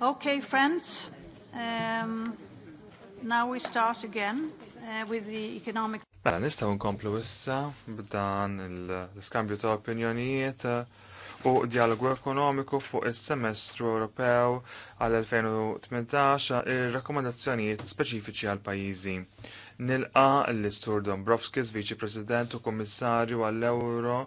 Okay, friends, um, now we start again uh, with the economic... Mela, nistaw nkomplu issa b'dan l-skambju ta' opinjonijiet uh, u dialogu ekonomiku fuq is-semestru Ewropew għal-2018 ir-rakkomandazzjonijiet speċifiċi għal pajjiżi. Nilqa l-Istur Dombrovskis, Viċi President u Kommissarju għall-Euro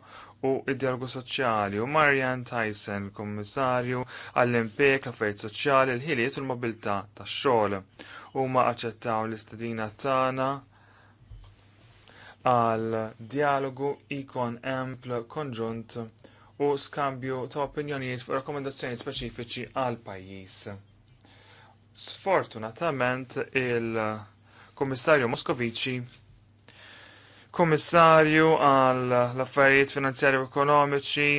u id-dialogu soċjali u Marian Tyson, il-Kommissarju għall-impek, l-affarijiet soċjali, l-ħiliet u l-mobilità tax-xogħol. Huma aċċettaw l-istedina tagħna għal dialogu ikon ampl konġunt u skambju ta' opinjonijiet fuq rakkomendazzjoni speċifiċi għal pajjiż. Sfortunatament il-Kommissarju Moskovici komissarju għal l-affarijiet Finanzjarju u ekonomiċi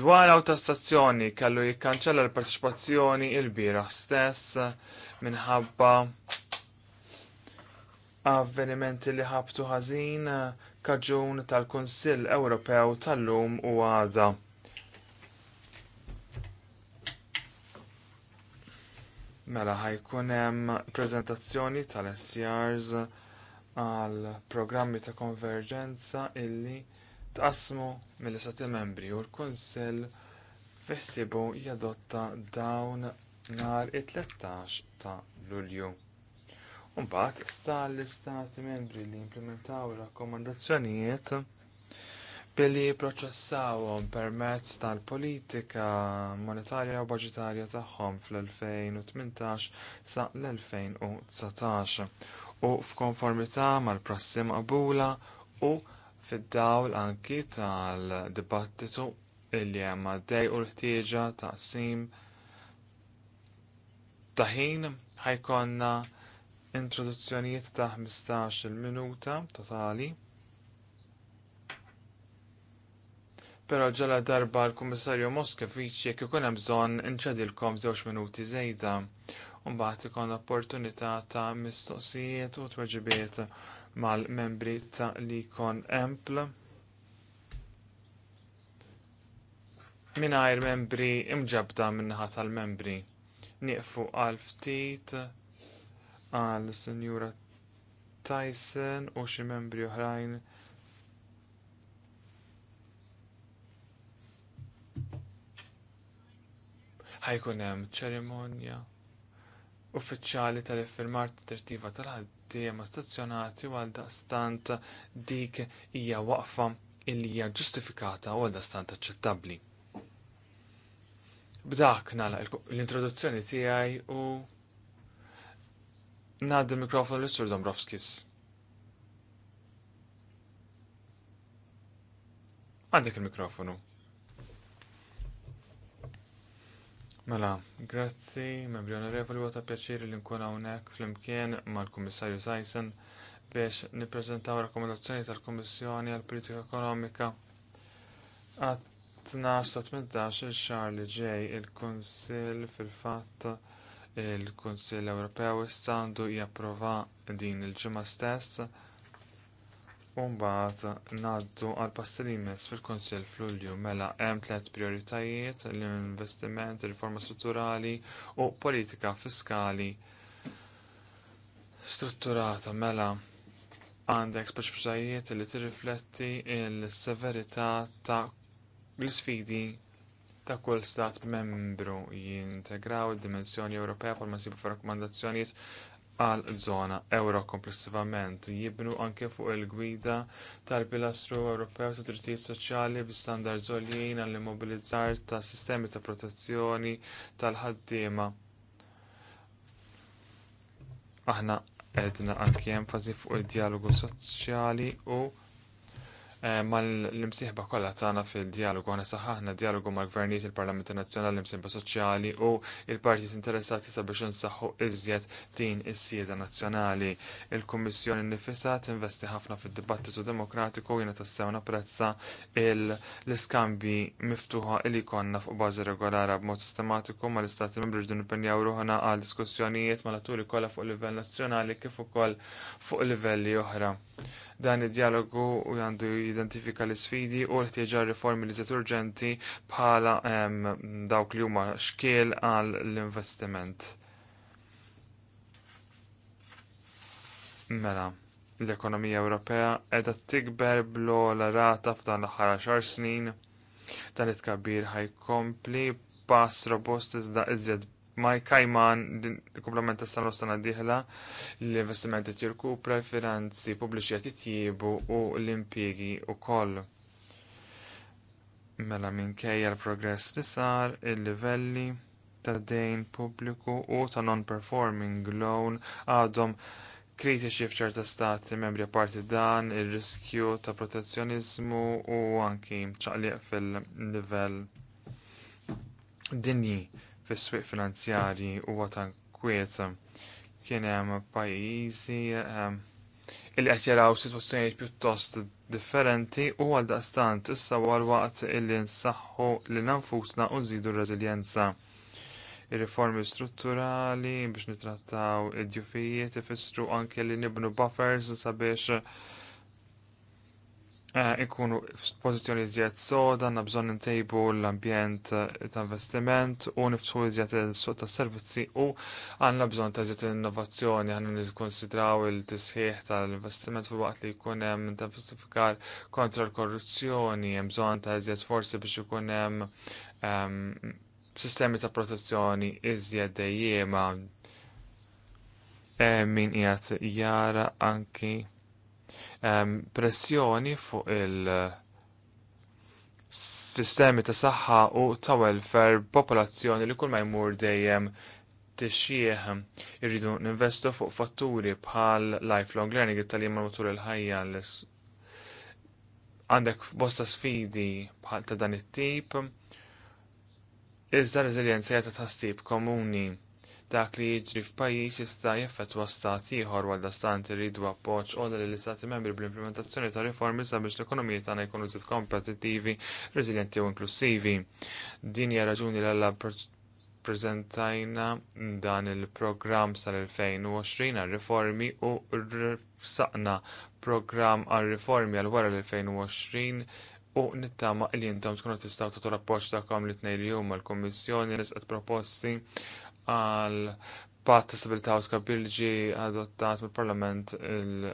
dwar autostazzjoni kellu jikkanċella l-parteċipazzjoni il-bira stess minħabba avvenimenti li ħabtu ħażin kaġun tal-Kunsill Ewropew tal-lum u għada. Mela ħajkun hemm preżentazzjoni tal-SCRs għal programmi ta' konverġenza illi tqasmu mill-istati membri u l-Kunsell fiħsibu jadotta dawn nhar it-13 ta' Lulju. Imbagħad sta l-istati membri li implementaw rakkomandazzjonijiet billi jipproċessawhom permezz tal-politika monetarja u baġitarja tagħhom fl-2018 sa l-2019 u f'konformità mal-prassim qabula u fid-dawl anki tal-dibattitu illi hemm għaddej u l-ħtieġa taqsim ta' ħin ħajkonna introduzzjonijiet ta' 15-il minuta totali. Pero ġala darba l-Kummissarju Moskovic jekk ikun hemm bżonn inċedilkom żewġ minuti żejda Mbagħad ikun opportunità ta' mistoqsijiet u tweġibiet mal-membri ta' li kon empl. Minajr membri imġabda min-naħa tal-membri. Nieqfu għal ftit għal Sinjura Tyson u xi membri oħrajn ħajkun hemm ċerimonja uffiċjali tal-iffirmar tat-tertiva tal-ħaddiema stazzjonati għal stant dik hija waqfa illi hija ġustifikata u għalda stant aċċettabbli. B'dak nagħlaq l-introduzzjoni tiegħi u ngħaddi l-mikrofon lis-Sur Dombrovskis. Għandek il-mikrofonu. Mela, grazzi, membri onorevoli, għata pjaċir li nkun hawnhekk flimkien mal-Kummissarju Sajsen biex nippreżentaw rakkomandazzjoni tal-Kummissjoni għall politika Ekonomika għat 12 sa 18 il-xar li ġej il-Kunsill fil-fatt il-Kunsill Ewropew istandu japprova din il-ġimgħa stess Umbat naddu għal pastelimes fil-Konsil fl-Ulju mela hemm tliet prioritajiet l-investiment, riforma strutturali u politika fiskali strutturata mela għandek speċifiċajiet li tirrifletti s severità ta' l-sfidi ta' kull stat membru jintegraw id-dimensjoni Ewropea forma sibu rakkomandazzjonijiet għal żona euro komplessivament jibnu anke fuq il-gwida tal-pilastru Ewropew ta' drittijiet soċjali bi standard żoljin għall immobilizzar ta' sistemi ta' protezzjoni tal-ħaddiema. Aħna edna anke enfasi fuq id-dialogu soċjali u Eh, mal-imsieħba kollha tana fil-dialogu għana saħħna dialogu mal gvernijiet il parlamenti Nazzjonali l imsiħba soċjali u il-partijiet interessati sabiex insaħħu iżjed din is-sieda nazzjonali. Il-Kummissjoni nifisha tinvesti ħafna fil dibattitu demokratiku jiena tassew napprezza l-iskambi miftuħa li konna fuq bażi regolara b'mod sistematiku ma l-Istati Membri rridu nipenjaw ruħna għal diskussjonijiet mal-atturi fuq livell nazzjonali kif ukoll fuq livelli oħra. Dan id-dialogu u għandu jidentifika l-sfidi u l-ħtieġa riformi li zet urġenti bħala dawk li huma xkiel għal l-investiment. Mela l-ekonomija Ewropea qiegħda tikber bl-ola rata f'dan l-aħħar xar snin. Dan it-tkabbir ħajkompli pass robust iżda iżjed ma jkajman komplement tas sanro sena diħla l-investimenti tirku preferenzi pubbliċi qed u l u wkoll. Mela minkejja l-progress li sar, il-livelli ta' dejn pubbliku u ta' non-performing loan għadhom kritiċi f'ċerta stati membri apparti dan ir-riskju ta' protezzjonizmu u anki ċaqliq fil-livell dinji fis-swieq finanzjarji huwa ta' kwieta. kien hemm pajjiżi ehm, illi qed jaraw sitwazzjonijiet pjuttost differenti u għal daqstant issa l waqt illi nsaħħu li nanfusna u nżidu r-reżiljenza. Ir-riformi strutturali biex nitrattaw id-djufijiet ifissru anke li nibnu buffers sabiex Eh, ikunu f'pożizzjoni zjed soda, għandna bżonn tejbu l-ambjent eh, ta' investiment u niftħu iżjed il-suq ta' servizzi u għandna bżonn ta' iżjed innovazzjoni għandna konsidraw il-tisħiħ tal-investiment fil-waqt li jkun hemm intensifikar kontra l-korruzzjoni, hemm bżonn ta' iżjed forsi biex ikun hemm ehm, sistemi ta' protezzjoni iżjed dejjema eh, min qiegħed jara anki pressjoni fuq il-sistemi ta' saħħa u ta' welfare popolazzjoni li kull ma jmur dejjem tixjieħ irridu ninvestu fuq fatturi bħal lifelong learning it-taljem matul il-ħajja għandek bosta sfidi bħal ta' dan it-tip iżda reżiljenza ta' tħassib komuni dak li jiġri f'pajjiż jista' jaffettwa stat ieħor għalda stant iridu appoġġ għoda lill istati membri bl-implementazzjoni ta' riformi sabiex l-ekonomija tagħna jkunu żied kompetittivi, reżiljenti u inklusivi. Din hija raġuni l prezentajna dan il-programm sal-2020 għal riformi u saqna programm għal riformi għal wara l-2020 u nittama li jintom tkunu tistaw tatu rapport kom li t-nejli jum għal-Kommissjoni nisqet proposti għal pat ta' stabilità u skabir adottat mill-Parlament,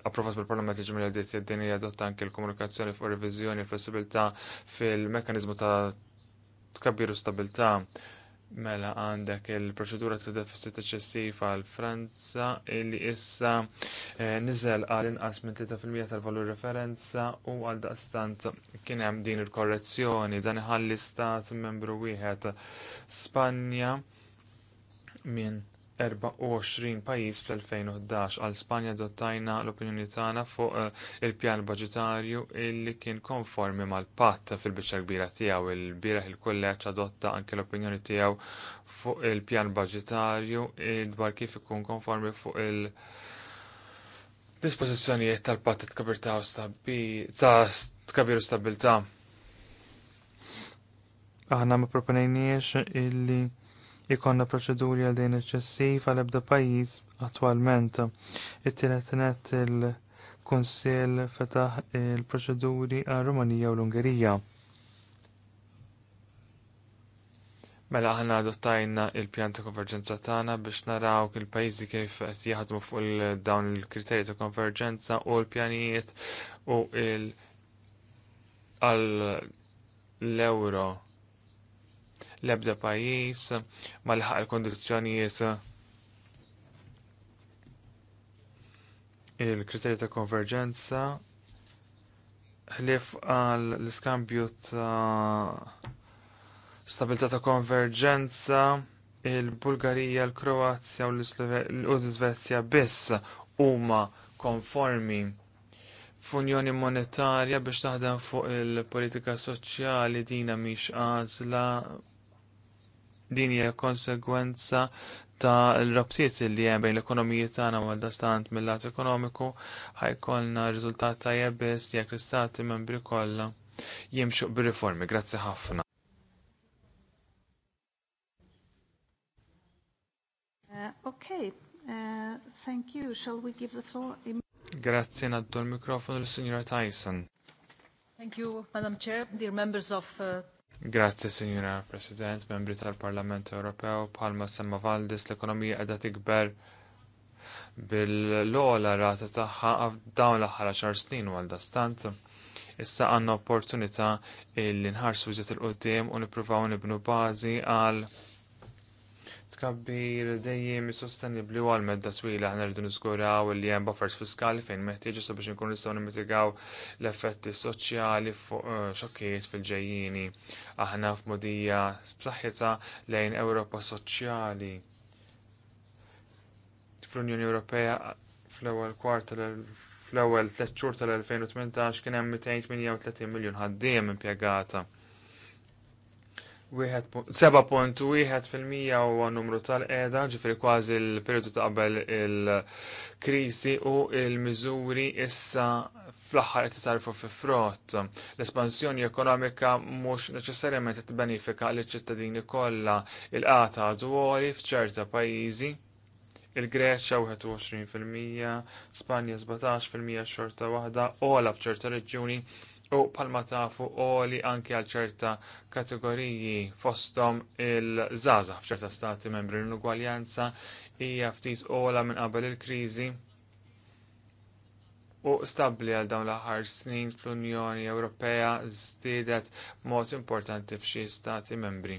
approvat mill-Parlament il ġimri għadiet din hija adotta anke l-komunikazzjoni fuq revizjoni flessibilità fil-mekanizmu ta' tkabbir u stabilità. Mela għandek il-proċedura ta' deficit eċessiv għal Franza illi issa eh, niżel għal inqas minn 3% tal-valur referenza u għal daqstant kien hemm din il-korrezzjoni dan iħalli stat membru wieħed Spanja minn 24 pajjiż fl-2011 għal Spanja dottajna l-opinjoni tagħna fuq eh, il-pjan budġetarju illi kien konformi mal-patt fil-biċċa kbira tiegħu il-bieraħ il-kulleġġ adotta anke l-opinjoni tiegħu fuq il-pjan budġetarju eh, dwar kif ikun konformi fuq il- Dispożizzjonijiet tal-patt tkabir ta' ta' stabilta' aħna ma proponejniex illi ikonna proċeduri għal din eċċessiv għal ebda pajjiż attwalment. It-tielet net il-Kunsill fetaħ il-proċeduri għal Rumanija u l-Ungerija. Mela ħana adottajna il-pjan ta' konverġenza tagħna biex naraw il pajjiżi kif qed jaħdmu fuq dawn il-kriterji ta' konverġenza u l-pjanijiet u l għall l-euro l-ebda pajjiż ma il-kondizzjonijiet il-kriterji ta' konverġenza ħlief għal l-iskambju ta' stabilità ta' konverġenza il-Bulgarija, l-Kroazja u l-Svezja biss huma konformi f'unjoni monetarja biex taħdem fuq il-politika soċjali dina mhix għażla din hija konsegwenza ta' l-rabtiet li hemm bejn l-ekonomiji tagħna mal dastant mill-lat ekonomiku ħajkollna riżultat tajjeb biss jekk l-istati membri kollha jimxu bir-riformi. Grazzi ħafna. Uh, okay, uh, thank you. Shall we give the floor? Grazzi naddu l-mikrofonu l-Signora Tyson. Thank you, Madam Chair, dear members of uh, Grazzi, Signora President, membri tal-Parlament Ewropew, palma semma Valdis, l-ekonomija qiegħda tikber bil-lola rata tagħha dawn l-aħħar xar snin u għaldastant. Issa għandna opportunità li nħarsu ġiet il-qudiem u nippruvaw nibnu bażi għal tkabbir dejjem sostenibli u għal medda twila ħna rridu niżguraw li hemm buffers fiskali fejn meħtieġ sabiex nkun nistgħu nimitigaw l-effetti soċjali fuq eh, xokkijiet fil-ġejjini. Aħna f'modija b'saħħitha lejn Ewropa Soċjali. Fl-Unjoni Ewropea fl-ewwel kwart fl-ewwel tliet xhur tal-2018 kien hemm 238 miljun ħaddiem impjegata. 7.1 fil-mija huwa numru tal-qeda, ġifri kważi l-periodu ta' qabel il-krisi u il-miżuri issa fl-aħħar qed isarfu fi frott. L-espansjoni ekonomika mhux neċessarjament qed benifika liċ ċittadini kollha il-qata dwoli f'ċerta pajjiżi. Il-Greċja 21%, Spanja 17% xorta waħda, ola f'ċerta reġjuni u palma tafu li anki għal ċerta kategoriji fostom il-żaza f'ċerta stati membri l-ugwaljanza hija ftit ola minn qabel il-kriżi u stabli għal dawn l-aħħar snin fl-Unjoni Ewropea żdiedet mod importanti f'xi stati membri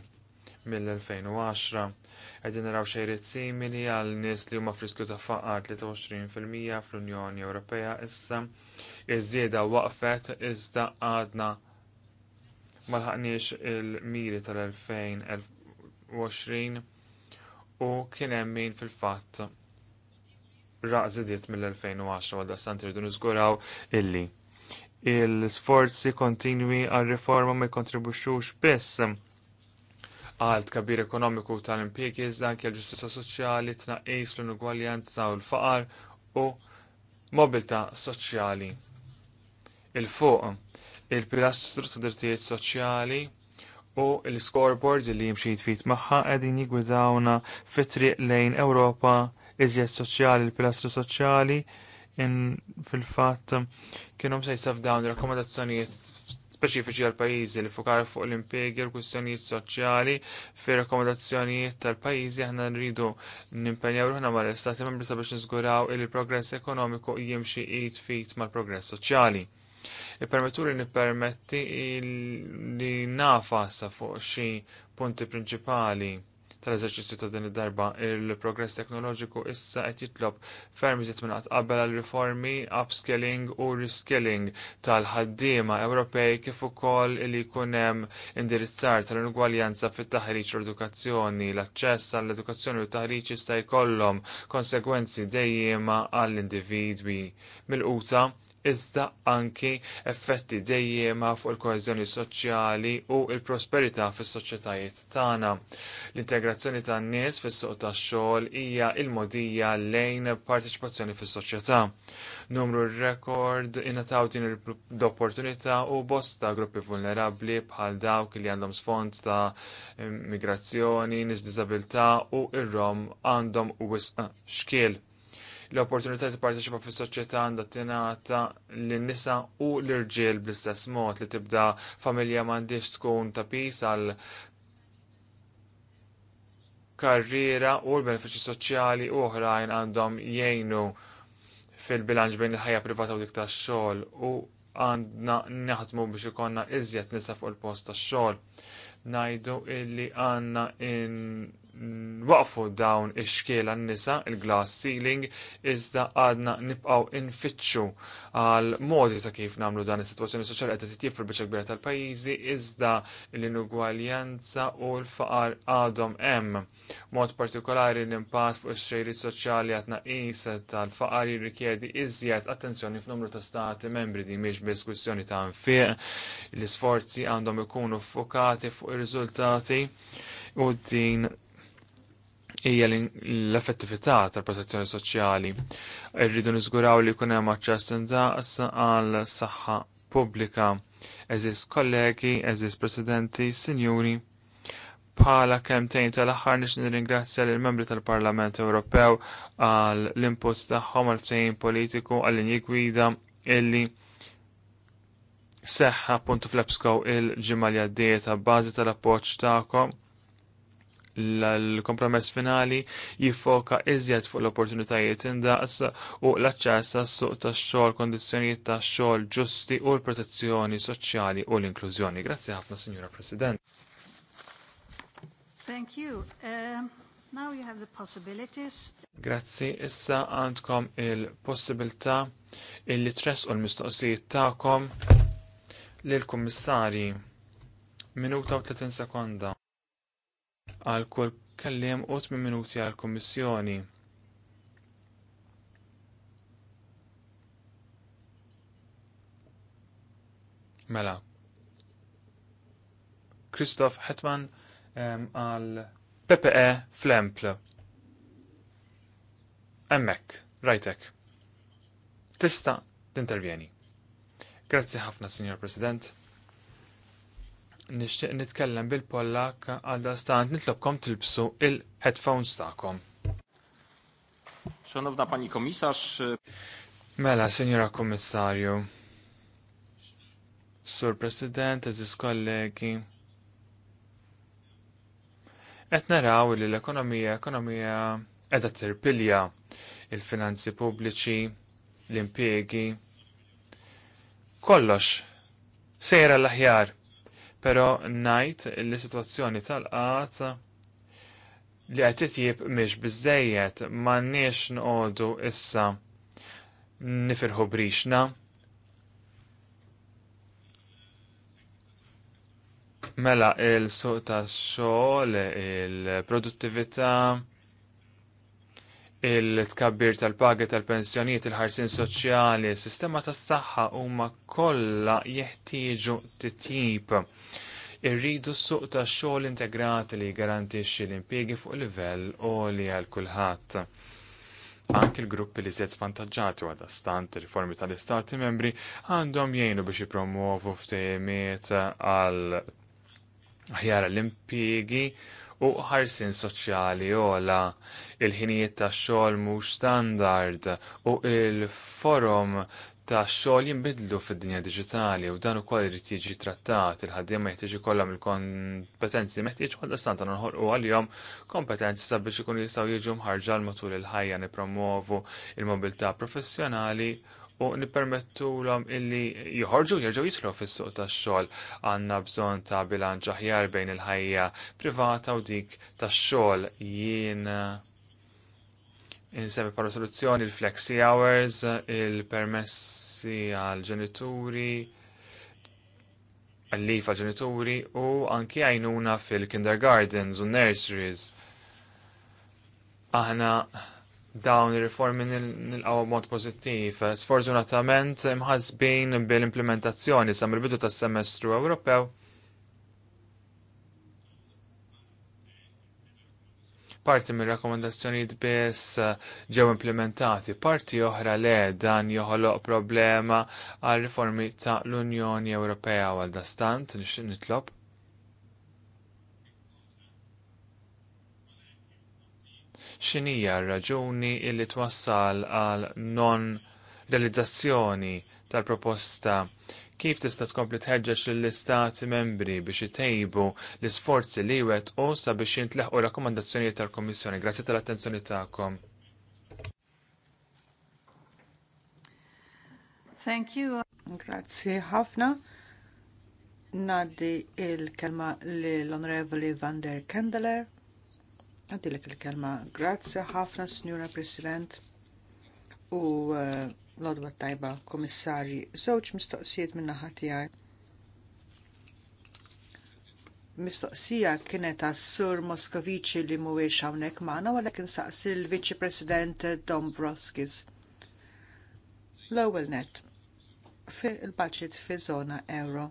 mill-2010 Qegħdin naraw xejriet simili għal nies li huma friskju ta' faqar 23% fl-Unjoni Ewropea issa. Iż-żieda waqfet iżda għadna ma laħqniex il-miri tal-2020 u kien hemm min fil-fatt raqżidiet mill-2010 għal dastant irridu nużguraw illi il-sforzi kontinwi għal riforma ma jkontribuxux biss għalt kabir ekonomiku tal-impjegi iżda anke l-ġustizza soċjali tnaqqis l-inugwaljanza u l-faqar u mobilità soċjali. Il-fuq, il-pilastru ta' drittijiet soċjali u l-scoreboard li jimxi fit magħha qegħdin jigwidawna fit-triq lejn Ewropa iżjed soċjali, il-pilastru soċjali in fil-fatt kienu msejsa dawn il rakkomandazzjonijiet speċifiċi għal pajjiżi li fukar fuq l u l kwistjonijiet soċjali fir rekomendazzjonijiet tal-pajjiżi aħna nridu nimpenjaw ruħna l istati membri sabiex niżguraw il progress ekonomiku jimxi id fit mal-progress soċjali. il li nippermetti li sa fuq xi punti prinċipali tal-eżerċizzju ta' din id-darba. Il-progress teknoloġiku issa qed jitlob ferm iżid minn qabel għal riformi, upskilling u reskilling tal-ħaddiema Ewropej kif ukoll li jkun hemm indirizzar tal ingwaljanza fit-taħriġ u edukazzjoni. L-aċċess għall-edukazzjoni u t-taħriġ jista' jkollhom konsegwenzi dejjema għall-individwi. Mill-quta iżda anki effetti dejjema fuq il koezjoni soċjali u il-prosperità fis-soċjetajiet tagħna. L-integrazzjoni tan-nies fis-suq tax-xogħol hija l-modija lejn parteċipazzjoni fis-soċjetà. Numru rekord ingħataw din l-opportunità u bosta gruppi vulnerabbli bħal dawk li għandhom sfond ta' migrazzjoni, nisbiżabilità u ir-rom għandhom wisq xkiel L-opportunità ta' tipparteċipa fis-soċjetà għandha tingħata lin-nisa u l-irġiel bl-istess mod li tibda familja m'għandix tkun ta' pis għal karriera u l-benefiċċji soċjali u oħrajn għandhom jgħinu fil-bilanċ bejn il-ħajja privata u dik tax-xogħol u għandna naħdmu biex ikonna iżjed nisa fuq il-post tax-xogħol. Najdu illi għandna in Mm, waqfu dawn ix-xkiel nisa il-glass ceiling iżda għadna nibqgħu infittxu għal modi ta' kif nagħmlu dan is-sitwazzjoni soċjali qed titjib fil-biċċa kbira tal-pajjiżi iżda l-inugwaljanza u l-faqar għadhom hemm. Mod partikolari l-impatt fuq ix-xejrid soċjali qed naqis tal-faqar jirrikjedi iżjed attenzjoni f'numru ta' stati membri di mhix diskussjoni ta' nfiq, l-isforzi għandhom ikunu fokati fuq ir-riżultati u din hija l-effettività tal-protezzjoni soċjali. Irridu niżguraw li jkun hemm aċċess indaqs għal saħħa pubblika. Eżis kollegi, eżis presidenti, sinjuri. Bħala kemtejn tal-aħħar nix nirringrazzja lill membri tal-Parlament Ewropew għal l-input tagħhom għal ftehim politiku għal linji gwida illi seħħa puntu fl-EBSCO il-ġimgħa li għaddiet ta' bażi tal-appoġġ tagħkom l-kompromess finali jiffoka iżjed fuq l-opportunitajiet indaqs u l-aċċess għas-suq tax-xogħol, kondizzjonijiet tax-xogħol ġusti u l-protezzjoni soċjali u l-inklużjoni. Grazzi ħafna, Sinjura President. Thank you. Uh, now you have the possibilities. Grazzi, issa għandkom il-possibilità illi tres u l-mistoqsijiet tagħkom l kommissari Minuta u 30 sekonda għal kull kelliem u 8 minuti għal kummissjoni. Mela. Kristof Hetman għal PPE Flemple. Emmek, rajtek. Tista' tintervjeni. Grazzi ħafna, Signor President nixtieq nitkellem bil-Pollak għal stant nitlobkom tilbsu il-headphones tagħkom. Szanowna Pani Komisarz. E, mela, Signora Kommissarju. Sur President, Aziz kollegi. Qed naraw li l-ekonomija, ekonomija qiegħda tirpilja il-finanzi pubbliċi, l-impjegi, kollox sejra l-aħjar pero najt li situazzjoni tal-qat li għed titjib miex bizzejiet ma nix nqodu issa nifirħu brixna. Mela il-suq ta' xogħol, il-produttività, il-tkabbir tal-pagi tal-pensjoniet, il-ħarsin soċjali, sistema tas saħħa huma kollha jeħtieġu titjib. Irridu suq ta' xogħol integrati li jgarantixxi l-impjiegi fuq livell li għal kulħadd. Anki l-gruppi li zed svantaġġati għadha stant riformi tal-Istati membri għandhom jgħinu biex jipromuovu ftehimiet għal ħjar l-impjiegi u ħarsin soċjali ola, il-ħinijiet ta' xogħol mhux standard u il-forum ta' xogħol jinbidlu fid-dinja diġitali u dan ukoll irid jiġi trattat il-ħaddiem ma jtiġi ikollhom il-kompetenzi meħtieġ għal stant nħolqu għalihom kompetenzi sabiex ikun jistgħu jiġu mħarġa l matul il-ħajja nippromovu il-mobilità professjonali u nipermettu l-om illi jħorġu jirġu jitlu fis-suq tax-xogħol għandna bżonn ta' bilanċ aħjar bejn il-ħajja privata u dik tax-xogħol jien eh, insemmi para soluzzjoni il-flexi hours, il-permessi għal-ġenituri, għal-lifa ġenituri u anki għajnuna fil-kindergardens u nurseries. Aħna dawn ir-riformi nilqgħu mod pożittiv. Sfortunatament mħazbin bil-implementazzjoni sa mill-bidu tas-semestru Ewropew. Parti mir rakkomandazzjonijiet biss eh, ġew implementati, parti oħra le dan joħoloq problema għal riformi ta' l-Unjoni Ewropea għal dastant nixtieq nitlob. x'inhija r-raġuni illi twassal għal non realizzazzjoni tal-proposta kif tista' tkompli tħeġġeġ lill-istati membri biex itejbu l-isforzi li wet u sabiex jintleħqu rakkomandazzjonijiet tal kummissjoni Grazzi tal-attenzjoni tagħkom. Thank you. Grazzi ħafna. Naddi il-kelma l-Onorevoli Van der Kendeler. Għaddilek il-kelma. Grazzi ħafna, Signora President. U uh, l-odwa tajba komissari, żewġ mistoqsijiet minna ħatijaj. Mistoqsija kienet għas-sur Moskovici li mhuwiex hawnhekk magħna wala kien saqsi l-Viċi President Dombrovskis. L-ewwel net fi il-budget fi żona euro.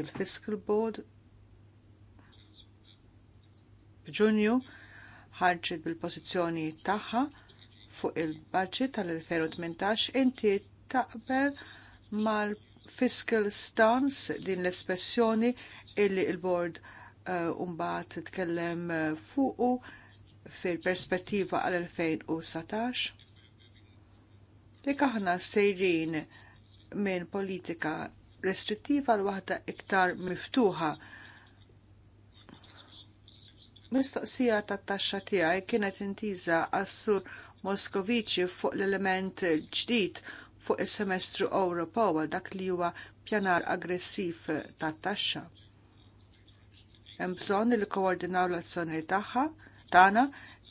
Il-Fiscal Board f'Ġunju ħarġet bil-pożizzjoni tagħha fuq il-budget tal-2018 inti taqbel mal-fiscal stance din l-espressjoni illi il-board uh, umbat tkellem uh, fuqu fil-perspettiva għal-2019. Dik aħna sejrin minn politika restrittiva l waħda iktar miftuħa Mistoqsija tat taxxa tiegħi kienet intiża għas-sur Moskoviċi fuq l-element ġdid fuq is-semestru Ewropew dak li huwa pjanar aggressiv tat-taxxa. Hemm bżonn li koordinaw l-azzjoni tagħha tagħna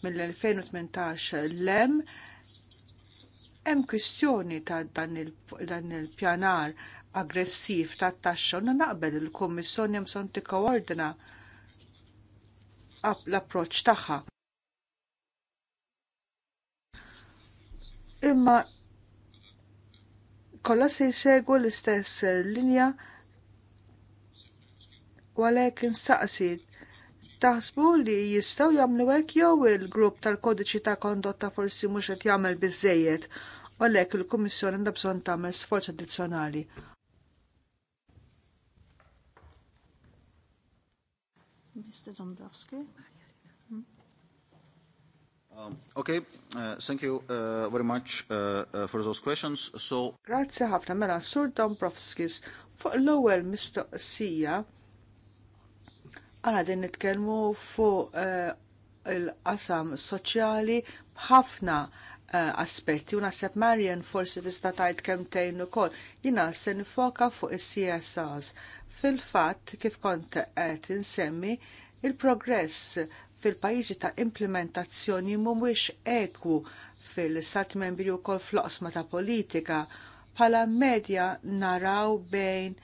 mill-2018 l-hemm hemm kwistjoni ta' dan il-pjanar aggressiv tat-taxxa u naqbel il-Kummissjoni hemm bżonn tikkoordina l-approċ tagħha. Imma kollha se jsegu l-istess linja u għalhekk instaqsi taħsbu li jistgħu jagħmlu hekk jew il-grupp tal-kodiċi ta' kondotta forsi mhux qed jagħmel biżejjed għalhekk il-Kummissjoni għandha bżonn tagħmel sforz addizzjonali Mr. Dombrovski. Mm. Um, okay, uh, thank you uh, very much uh, uh, for those questions. So, Grazie ħafna mela Sur Dombrovskis. Fuq l-ewwel mistoqsija għana din nitkellmu fu uh, il-qasam soċjali b'ħafna uh, aspetti u naħseb Marian forsi tista' tgħid kemm tgħin ukoll. Jiena se nifoka fuq is-CSRs Fil-fatt, kif kont qed insemmi, il-progress fil-pajjiżi ta' implementazzjoni mhuwiex ekwu fil-Stat membri u kol floqsma ta' politika bħala medja naraw bejn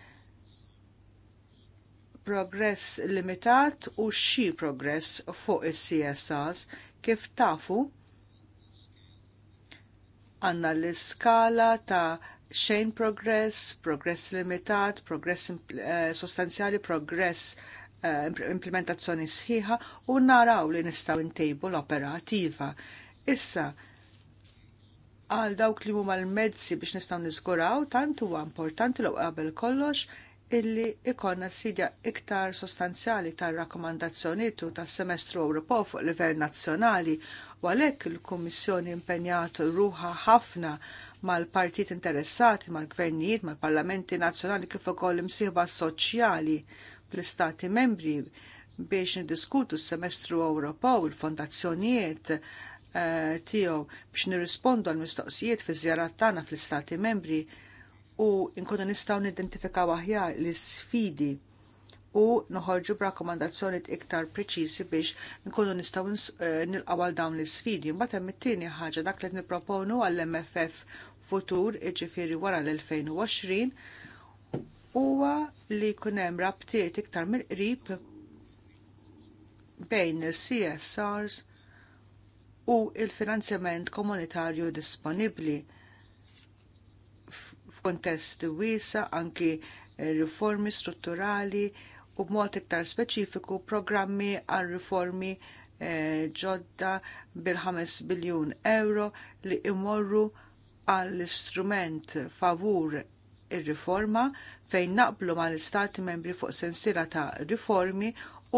progress limitat u xi progress fuq is-CSRs kif tafu għanna l-iskala ta' xejn progress, progress limitat, progress uh, sostanzjali, progress uh, implementazzjoni sħiħa u naraw li nistaw intejbu l-operativa. Issa, għal dawk li huma l-mezzi biex nistaw niżguraw, tant huwa importanti l qabel kollox illi ikonna sidja iktar sostanzjali tar rakkomandazzjoniet u tas semestru Ewropew fuq livell nazzjonali u għalhekk il-Kummissjoni impenjat ruħa ħafna mal-partit interessati, mal-gvernijiet, mal-parlamenti nazzjonali kif ukoll imsieba soċjali bl-istati membri biex niddiskutu s-semestru Ewropew, il-fondazzjonijiet eh, tiegħu biex nirrispondu għal mistoqsijiet fi żjarat tagħna fl-istati membri u nkunu nistgħu nidentifikaw aħjar l isfidi u noħorġu b'rakkomandazzjonijiet iktar preċiżi biex nkunu nistgħu eh, nilqgħu għal dawn l-isfidi. Mbagħad hemm it-tieni ħaġa dak li nipproponu għall-MFF futur iġifiri wara l-2020 huwa li jkun hemm rabtiet iktar mill-qrib bejn il-CSRs u il-finanzjament komunitarju disponibbli f'kuntest wiesa anki riformi strutturali u b'mod iktar speċifiku programmi għal riformi eh, ġodda bil-5 biljun euro li imorru għall-istrument favur ir-riforma fejn naqblu mal istati membri fuq sensiela ta' riformi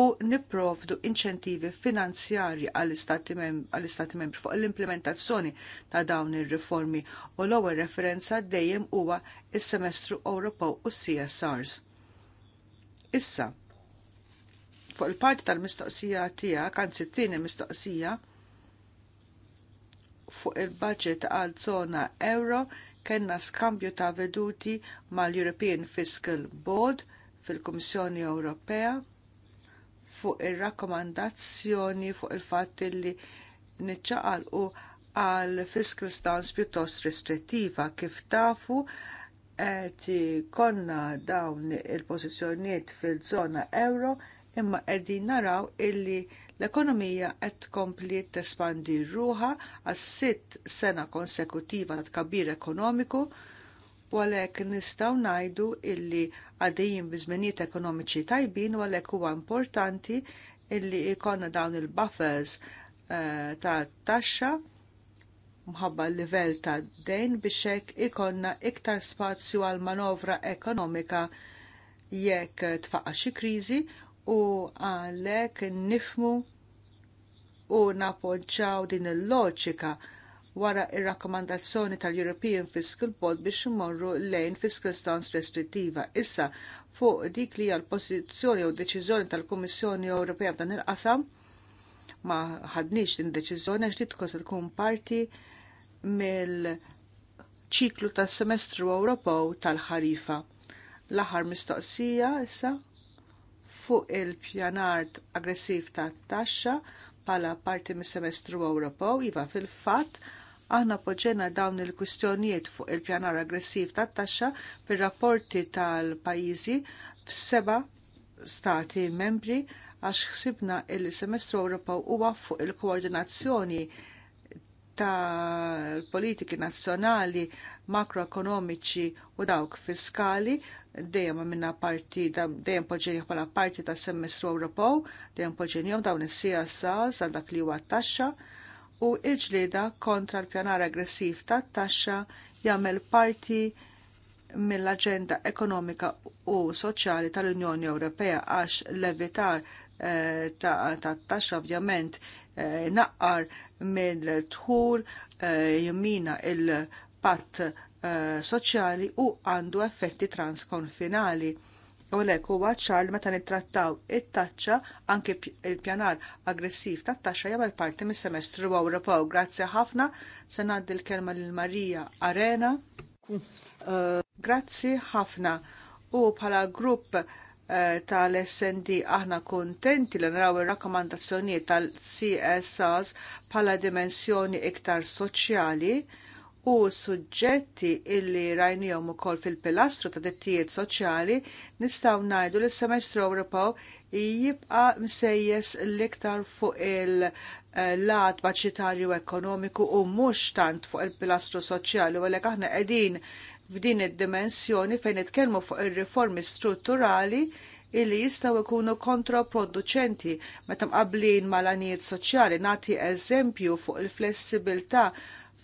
u nipprovdu inċentivi finanzjarji għall-Istati membri fuq l-implementazzjoni ta' dawn ir-riformi u l-ewwel referenza dejjem huwa is-Semestru Ewropew u CSRs. Issa, fuq il-parti tal-mistoqsija tiegħek, anzi t-tieni mistoqsija, fuq il-budget għal żona euro kellna skambju ta' veduti mal-European Fiscal Board fil-Kummissjoni Ewropea fuq ir-rakkomandazzjoni fuq il-fatt li niċċaqalqu għal fiscal stance pjuttost restrittiva kif tafu qed konna dawn il-pożizzjonijiet fil-żona euro imma qegħdin naraw illi L-ekonomija qed tkompli tespandi ruha għas sitt sena konsekutiva ta' tkabbir ekonomiku u għalhekk nistgħu ngħidu illi għaddejjin bi żminijiet ekonomiċi tajbin u għalhekk huwa importanti illi jkollna dawn il-buffers uh, ta' taxxa mħabba l-livell ta' dejn biex hekk ikonna iktar spazju għal manovra ekonomika jekk tfaqqa xi kriżi u għalhekk nifmu u napoġġaw din il-loġika wara ir-rakkomandazzjoni tal-European Fiscal Board biex imorru lejn fiscal stance restrittiva. Issa, fuq dik li għal l-pożizzjoni u deċiżjoni tal-Kummissjoni Ewropea f'dan il-qasam, ma ħadniex din deċiżjoni għax titkos tkun parti mill-ċiklu tas-semestru Ewropew tal-ħarifa. L-aħħar mistoqsija issa fuq il pjanard aggressiv tat-taxxa pala parti mis semestru Ewropew iva fil-fatt aħna poġġena dawn il-kwistjonijiet fuq il-pjanar aggressiv tat-taxxa fir-rapporti tal-pajjiżi f'seba' stati membri għax ħsibna il semestru Ewropew huwa fuq il-koordinazzjoni ta' politiki nazzjonali makroekonomiċi u dawk fiskali dejjem minna parti dejjem poġġenjih bħala parti ta' semestru Ewropew, dejjem poġġenjihom dawn is-CSAs għal dak li huwa taxxa u l-ġlieda kontra l-pjanar aggressiv tat-taxxa jagħmel parti mill-Aġenda Ekonomika u Soċjali tal-Unjoni Ewropea għax l-evitar eh, ta' taxxa ovvjament Eh, naqqar mill-tħur eh, jimmina il-patt eh, soċjali u għandu effetti transkonfinali. U lek huwa ċar meta nittrattaw it taċċa anke il-pjanar aggressiv tat-taxxa jagħmel parti mis-semestru Ewropew. Grazzi ħafna se ngħaddi l-kelma lil Marija Arena. Grazzi ħafna. U bħala grupp tal-SND aħna kuntenti li naraw ir-rakkomandazzjonijiet tal-CSAs bħala dimensjoni iktar soċjali u suġġetti illi rajnijom ukoll fil-pilastru ta' dittijiet soċjali nistgħu ngħidu li s-semestru Ewropew jibqa msejjes l-iktar fuq il-lat baċitarju ekonomiku u mhux tant fuq il-pilastru soċjali u għalhekk aħna qegħdin f'din id-dimensjoni fejn nitkellmu fuq ir-riformi strutturali illi jistaw ikunu kontraproduċenti meta mqablin mal-anijiet soċjali nagħti eżempju fuq il-flessibilità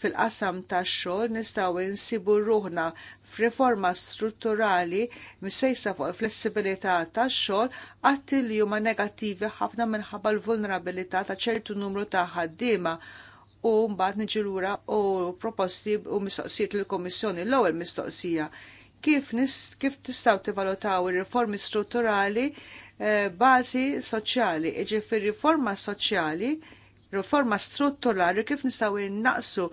fil-qasam tax-xogħol nistgħu insibu ruħna f'riforma strutturali msejsa fuq il-flessibilità tax-xogħol għatti li huma negattivi ħafna minħabba l-vulnerabilità ta' ċertu numru ta' ħaddiema u mbagħad niġi lura u proposti u mistoqsijiet lill-Kummissjoni. L-ewwel mistoqsija kif, nis, kif tistaw tivalutaw ir-riformi strutturali eh, bażi soċjali, iġifieri riforma soċjali, riforma strutturali kif nistgħu naqsu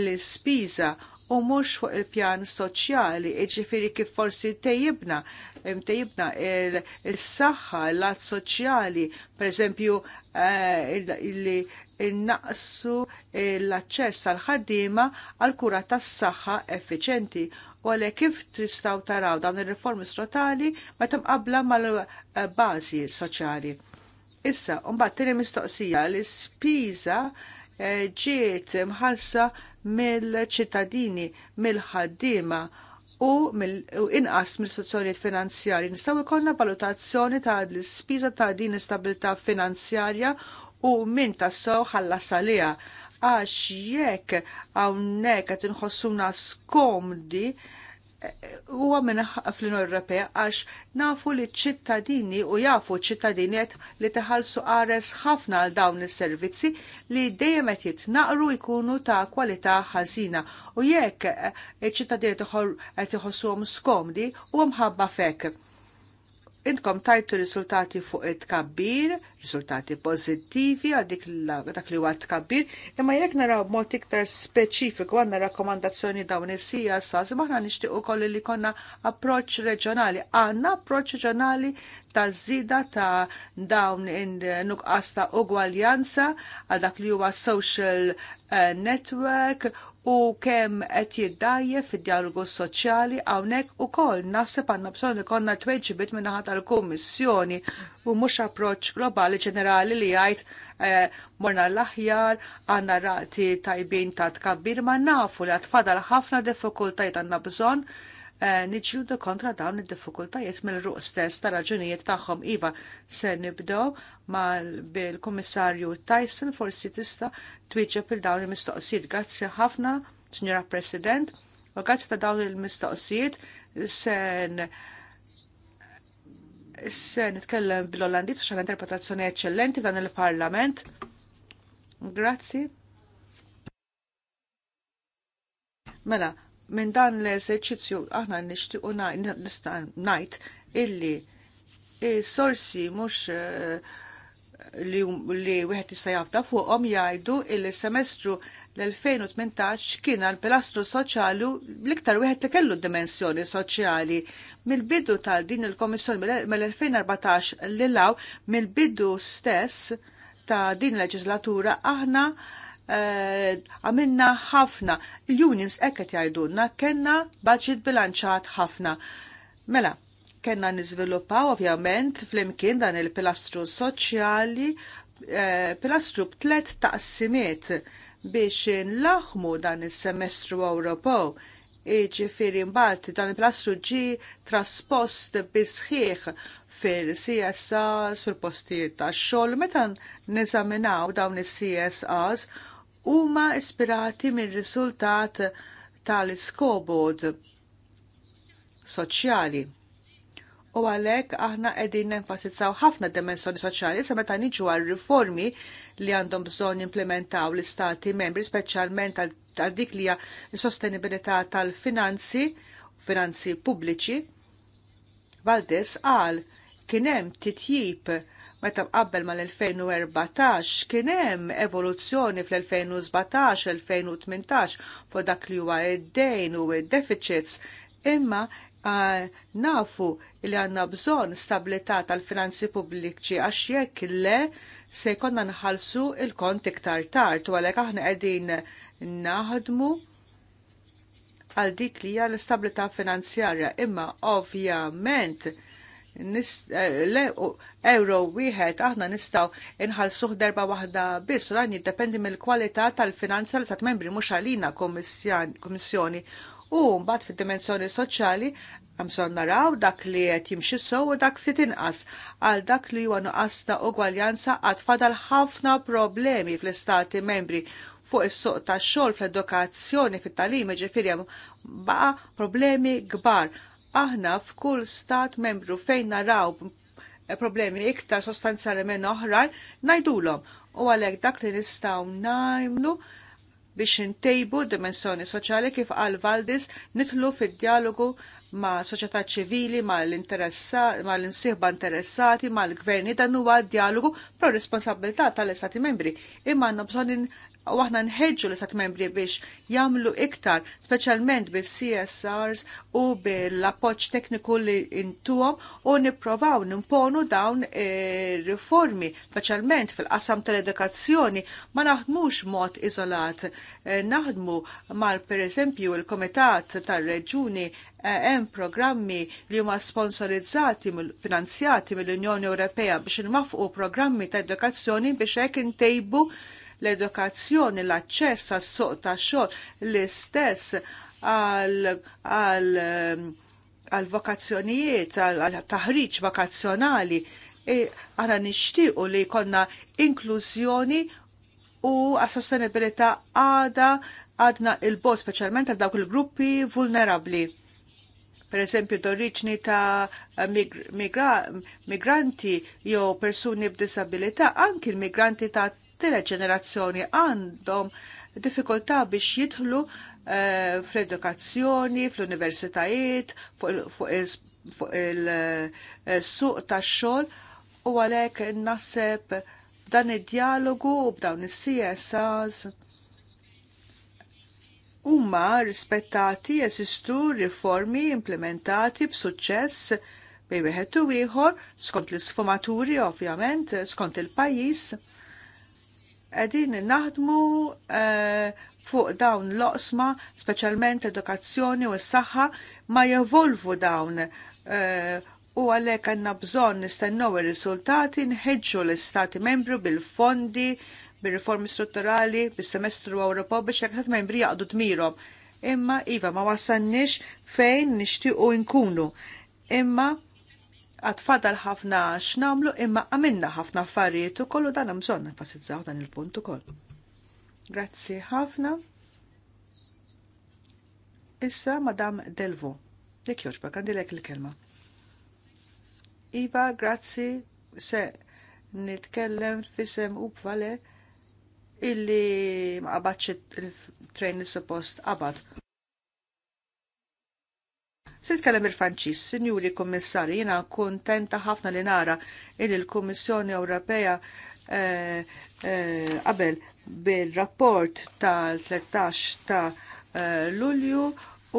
l-ispiża u mhux fuq il-pjan soċjali, jiġifieri kif forsi tejjibna, tejjibna il-saħħa, il l-att soċjali, pereżempju eh, li innaqsu l-aċċess għal ħaddiema għal kura tas-saħħa effiċenti u għalhekk kif tistgħu taraw dawn ir-riformi strutali meta mqabbla mal-bażi soċjali. Issa, mbagħad tieni mistoqsija l-ispiża eh, ġiet mħallsa mill-ċittadini, mill-ħaddiema u inqas mill sozzjonijiet finanzjarji. Nistgħu jkollna valutazzjoni ta' l-ispiża ta' din l-istabilità finanzjarja u min tassew ħalla salija għax jekk hawnhekk qed inħossuna skomdi huwa minn fl-Unjoni Ewropea għax nafu li ċittadini u jafu ċittadini li teħallsu qares ħafna għal dawn is-servizzi li dejjem qed jitnaqru jkunu ta' kwalità ħażina u jekk iċ-ċittadini eh, qed iħossuhom skomdi u mħabba fek Intkom tajtu riżultati fuq it-kabbir, riżultati pożittivi għal dik dak li huwa tkabbir, imma jekk naraw b'mod iktar speċifiku għanna rakkomandazzjoni dawn is-sija sa' aħna nixtieq ukoll li konna approċċ reġjonali, għanna approċċ reġjonali tal-żida ta' dawn in nuqqas ta' ugwaljanza għal dak li huwa social eh, network u kemm qed jiddajje fid-dialogu soċjali hawnhekk ukoll naħseb għandna bżonn ikollna tweġibiet min-naħa tal-Kummissjoni u mhux approċċ globali ġenerali li jgħid eh, morna l-aħjar għandna rati tajbin ta' tkabbir ma nafu li għatfadal ħafna diffikultajiet għandna bżonn Eh, niġludu kontra dawn id-diffikultajiet mill-ruq stess ta' raġunijiet tagħhom. Iva, se nibdew bil-Kummissarju Tyson forsi tista' twieġeb il dawn il-mistoqsijiet. Grazzi ħafna, Signora President, u grazzi ta' dawn il-mistoqsijiet sen se nitkellem bil-Olandiz għal interpretazzjoni eccellenti dan il-Parlament. Grazzi. Mela, minn dan l-eżerċizzju aħna nixtiequ nista' ngħid illi sorsi mhux eh, li, li wieħed jista' jafda fuqhom jgħidu illi semestru l-2018 kien għal pilastru soċjali l-iktar wieħed li kellu dimensjoni soċjali. Mill-bidu tal din il-Komissjoni mill-2014 lilaw mill-bidu stess ta' din leġislatura aħna Eh, għamilna ħafna. Il-unions ekket jajdunna kena budget bilanċat ħafna. Mela, kena nizviluppaw ovvjament fl-imkien dan il-pilastru soċjali, eh, pilastru b'tlet taqsimiet biex nlaħmu dan il-semestru Ewropew iġifiri mbagħad dan il-plastru ġi traspost bisħiħ fil-CSAs, fil-postijiet tax xogħol meta neżaminaw dawn is-CSAs huma ispirati mir-riżultat tal iskobod soċjali. U għalhekk aħna qegħdin nenfasizzaw ħafna dimensjoni soċjali sa meta niġu għal riformi li għandhom bżonn implementaw l-istati membri, speċjalment għal dik li s-sostenibilità tal-finanzi, finanzi pubbliċi. Valdez qal kien hemm titjib meta qabel mal-2014 kien hemm evoluzzjoni fl-2017-2018 fuq dak li huwa id-dejn u id-deficits imma nafu li għanna bżon stabilità tal-finanzi pubbliċi għax jekk le se jkollna nħallsu il-kont iktar tard u għalhekk aħna qegħdin naħdmu għal dik li hija l-istabilità finanzjarja imma ovvjament Eh, euro wieħed aħna nistgħu inħalsuh darba waħda biss u jiddependi mill-kwalità tal-finanza li sat membri mhux għalina kummissjoni u mbagħad fid-dimensjoni soċjali hemm bżonn naraw dak li qed jimxi sew u dak ftit inqas għal dak li huwa nuqqas ta' ugwaljanza għad fadal ħafna problemi fl-istati membri fuq is-suq tax-xogħol fl-edukazzjoni fit tagħlim ġifieri baqa' problemi kbar aħna f'kull stat membru fejn naraw problemi iktar sostanzjali minn oħrajn ngħidulhom. U għalhekk dak li nistgħu nagħmlu biex intejbu dimensjoni soċjali kif għal Valdis nitlu fid-dialogu ma' soċjetà ċivili, ma' l-insieħba interessati, ma' l-gverni, dan huwa dialogu pro responsabilità tal-Istati membri. Imma għandna bżonn u aħna nħedġu l-istat membri biex jamlu iktar, specialment bil-CSRs u bil-appoċ tekniku li intuħom u niprovaw nimponu dawn e, riformi, specialment fil-qasam tal-edukazzjoni, ma naħdmux mod izolat. E, naħdmu mal per eżempju il-Komitat tal-Reġuni e, hemm programmi li huma sponsorizzati finanzjati mill-Unjoni Ewropea biex inwafqu programmi ta' edukazzjoni biex hekk intejbu l-edukazzjoni, l-aċċess għas suq ta' xogħol l-istess ehm, għal vokazzjonijiet, għal taħriġ vakazzjonali. Għana e, nixtiequ li jkollna inklużjoni u għas sostenibilità għada għadna il-bot speċjalment għal dawk il-gruppi vulnerabli per eżempju d-oriġni ta' migra migranti jew persuni b'disabilità, anki l-migranti ta' tele ġenerazzjoni għandhom diffikultà biex jidħlu eh, fl-edukazzjoni, fl-universitajiet, fuq il-suq eh, tax-xogħol u għalhekk naħseb dan id-dialogu u b'dawn is-CSAs huma rispettati jeżistu riformi implementati b'suċċess bejn wieħed u ieħor skont l-isfumaturi ovvjament skont il-pajjiż qegħdin naħdmu eh, fuq dawn l-oqsma, speċjalment edukazzjoni u s-saħħa, ma jevolvu dawn eh, u għalhekk għandna bżonn nistennew ir-riżultati nħeġġu l-istati membru bil-fondi, bil-reformi strutturali, bis-semestru Ewropew biex l-istati membri jaqdu dmirhom. Imma iva ma wasalniex fejn nixtiequ nkunu. Imma għatfadal ħafna x'namlu imma għamilna ħafna affarijiet ukoll u dan hemm bżonn nfasizzaw dan il-punt ukoll. Grazzi ħafna. Issa Madam Delvo, dik joġba għandilek il-kelma. Iva, grazzi, se nitkellem fisem u b'vale illi ma qabatx il-trejn suppost qabad. Se nitkellem il-Franċis, Sinjuri Kommissari, jiena kuntenta ħafna li nara il il-Kummissjoni Ewropea eh, eh, qabel bil-rapport tal-13 ta' eh, Lulju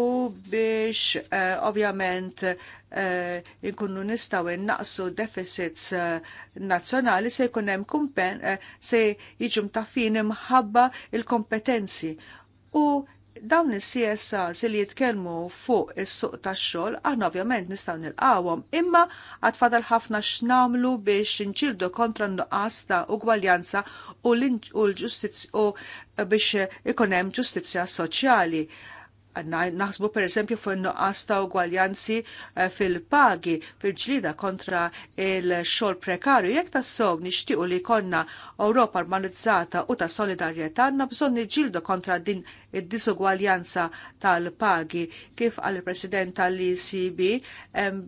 u biex eh, ovvjament eh, inkunu nistaw innaqsu deficits eh, nazzjonali se jkun hemm kumpen uh, se jiġu mtaffin imħabba il-kompetenzi. U dawn is-CSAs li jitkellmu fuq is-suq tax-xogħol aħna ovvjament nistgħu nilqawhom, imma għad fadal ħafna x'namlu biex inċildu kontra n-nuqqas ta' ugwaljanza u l-ġustizzja u biex ikun hemm ġustizzja soċjali naħsbu per eżempju fuq nuqqas ta' ugwaljanzi eh, fil-pagi, fil-ġlida kontra il-xol prekarju. Jekk tassow nixtiequ li konna Ewropa armonizzata u ta' solidarjetà, għandna bżonn niġġieldu kontra din id-disugwaljanza tal-pagi. Kif għal president tal-ECB,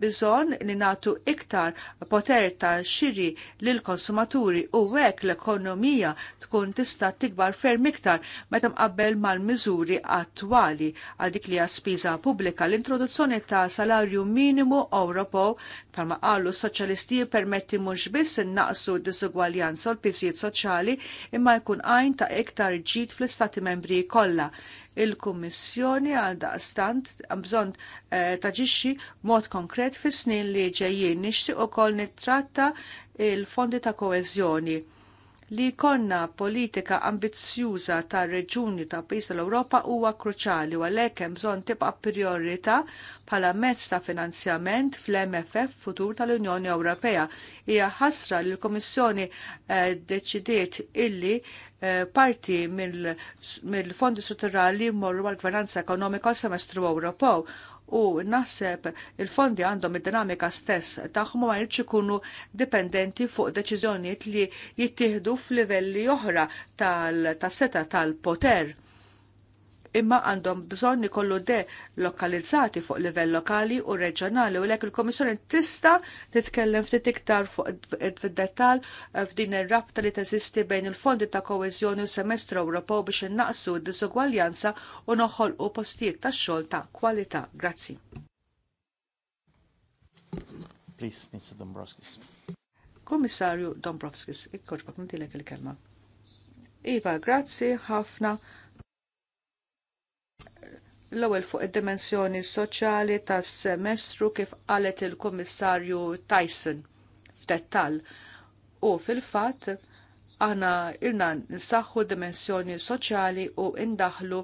bżonn li natu iktar poter ta' xiri l konsumaturi u hekk l-ekonomija tkun tista' tikbar ferm iktar meta mqabbel mal-miżuri attwali għal dik li spiża pubblika l-introduzzjoni ta' salarju minimu Ewropew bħalma qalu s-soċjalisti permetti mhux biss innaqsu d-disugwaljanza u l-pisijiet soċjali imma jkun għajn ta' iktar ġid fl-istati membri kollha il-Kummissjoni għal daqstant bżon eh, taġixxi mod konkret fis snin li ġejjin nixtieq ukoll nittratta il-fondi ta' koeżjoni li jkollna politika ambizzjuża tar reġuni ta' pajjiż l-Ewropa huwa kruċjali u għalhekk hemm bżonn tibqa' priorità bħala mezz ta' finanzjament fl-MFF futur tal-Unjoni Ewropea. Hija ħasra li l-Kummissjoni eh, deċidiet illi eh, parti mill-fondi strutturali morru għal gvernanza ekonomika semestru Ewropew u naħseb il-fondi għandhom id-dinamika stess tagħhom ma ikunu dipendenti fuq deċiżjonijiet li jittieħdu f'livelli oħra tal-seta tal-poter imma għandhom bżonn kollu de lokalizzati fuq livell lokali u reġjonali u lek il-Komissjoni tista' titkellem ftit iktar id dettal eh, f'din ir-rabta li teżisti bejn il-fondi ta' koeżjoni u semestru Ewropew biex innaqsu d-disugwaljanza u noħolqu postijiet tax-xogħol ta' kwalità. Grazzi. Please, Mr. Dombrovskis. Komissarju Dombrovskis, ikkoġbak nintilek il-kelma. Iva, grazzi ħafna l-ewwel fuq id-dimensjoni soċjali tas-semestru kif qalet il-Kummissarju Tyson f'dettall. U fil-fatt aħna ilna nsaħħu dimensjoni soċjali u indaħlu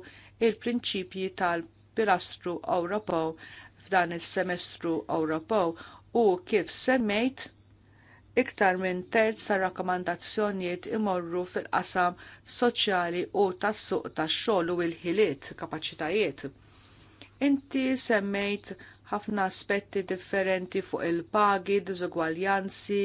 il-prinċipji tal-pilastru Ewropew f'dan is-semestru Ewropew u kif semmejt iktar minn terz tar rakkomandazzjonijiet imorru fil-qasam soċjali u tas-suq tax-xogħol u l-ħiliet kapaċitajiet. Inti semmejt ħafna aspetti differenti fuq il-pagi, diżugwaljanzi,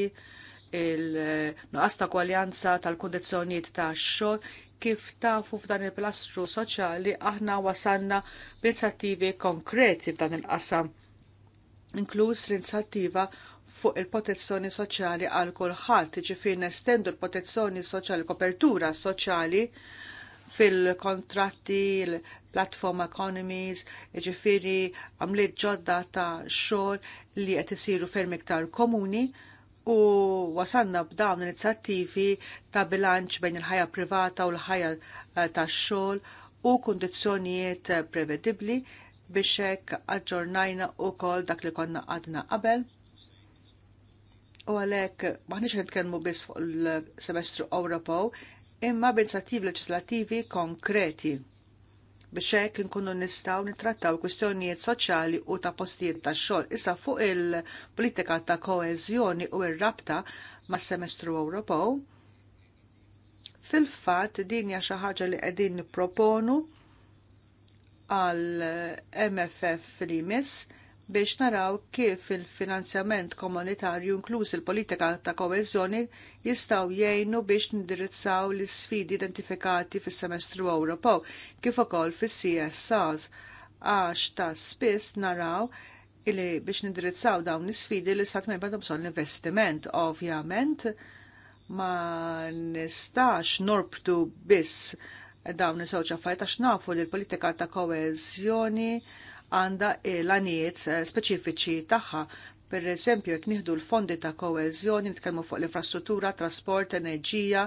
il-nuqqas ta' kwaljanza tal-kondizzjonijiet tax-xogħol, kif tafu f'dan il-plastru soċjali aħna wasanna b'inizjattivi konkreti f'dan il-qasam inkluż l-inizjattiva fuq il-protezzjoni soċjali għal kulħadd, ġifir nestendu l-protezzjoni soċjali, kopertura soċjali fil-kontratti, platform economies, ġifiri għamlet ġodda ta' xogħol li qed isiru ferm iktar komuni u wasanna b'dawn inizjattivi ta' bilanċ bejn il-ħajja privata u l-ħajja eh, tax xogħol u kundizzjonijiet prevedibbli biex hekk aġġornajna wkoll dak li konna għadna qabel U għalhekk maħniċ nitkellmu biss fuq il-semestru Ewropew, imma b'inizjattivi leġislattivi konkreti biex hekk inkunu nistgħu nittrattaw kwistjonijiet soċjali u ta' postijiet tax xogħol. Issa fuq il-politika ta' koeżjoni u r-rabta mas semestru Ewropew, fil-fatt din hija xi ħaġa li qegħdin nipproponu għal MFF li jmiss biex naraw kif il-finanzjament komunitarju inkluż il-politika ta' koeżjoni jistgħu jgħinu biex nindirizzaw l isfidi identifikati fis-semestru Ewropew kif ukoll fis-CSAs għax ta' spiss naraw illi biex nindirizzaw dawn l isfidi li stat għandhom bżonn investiment ovvjament ma nistax norbtu biss dawn is-żewġ affarijiet għax nafu li l-politika ta' koeżjoni għandha l-għaniet eh, speċifiċi tagħha. Per eżempju, jekk nieħdu l-fondi ta' koezjoni, nitkellmu fuq l-infrastruttura, trasport, enerġija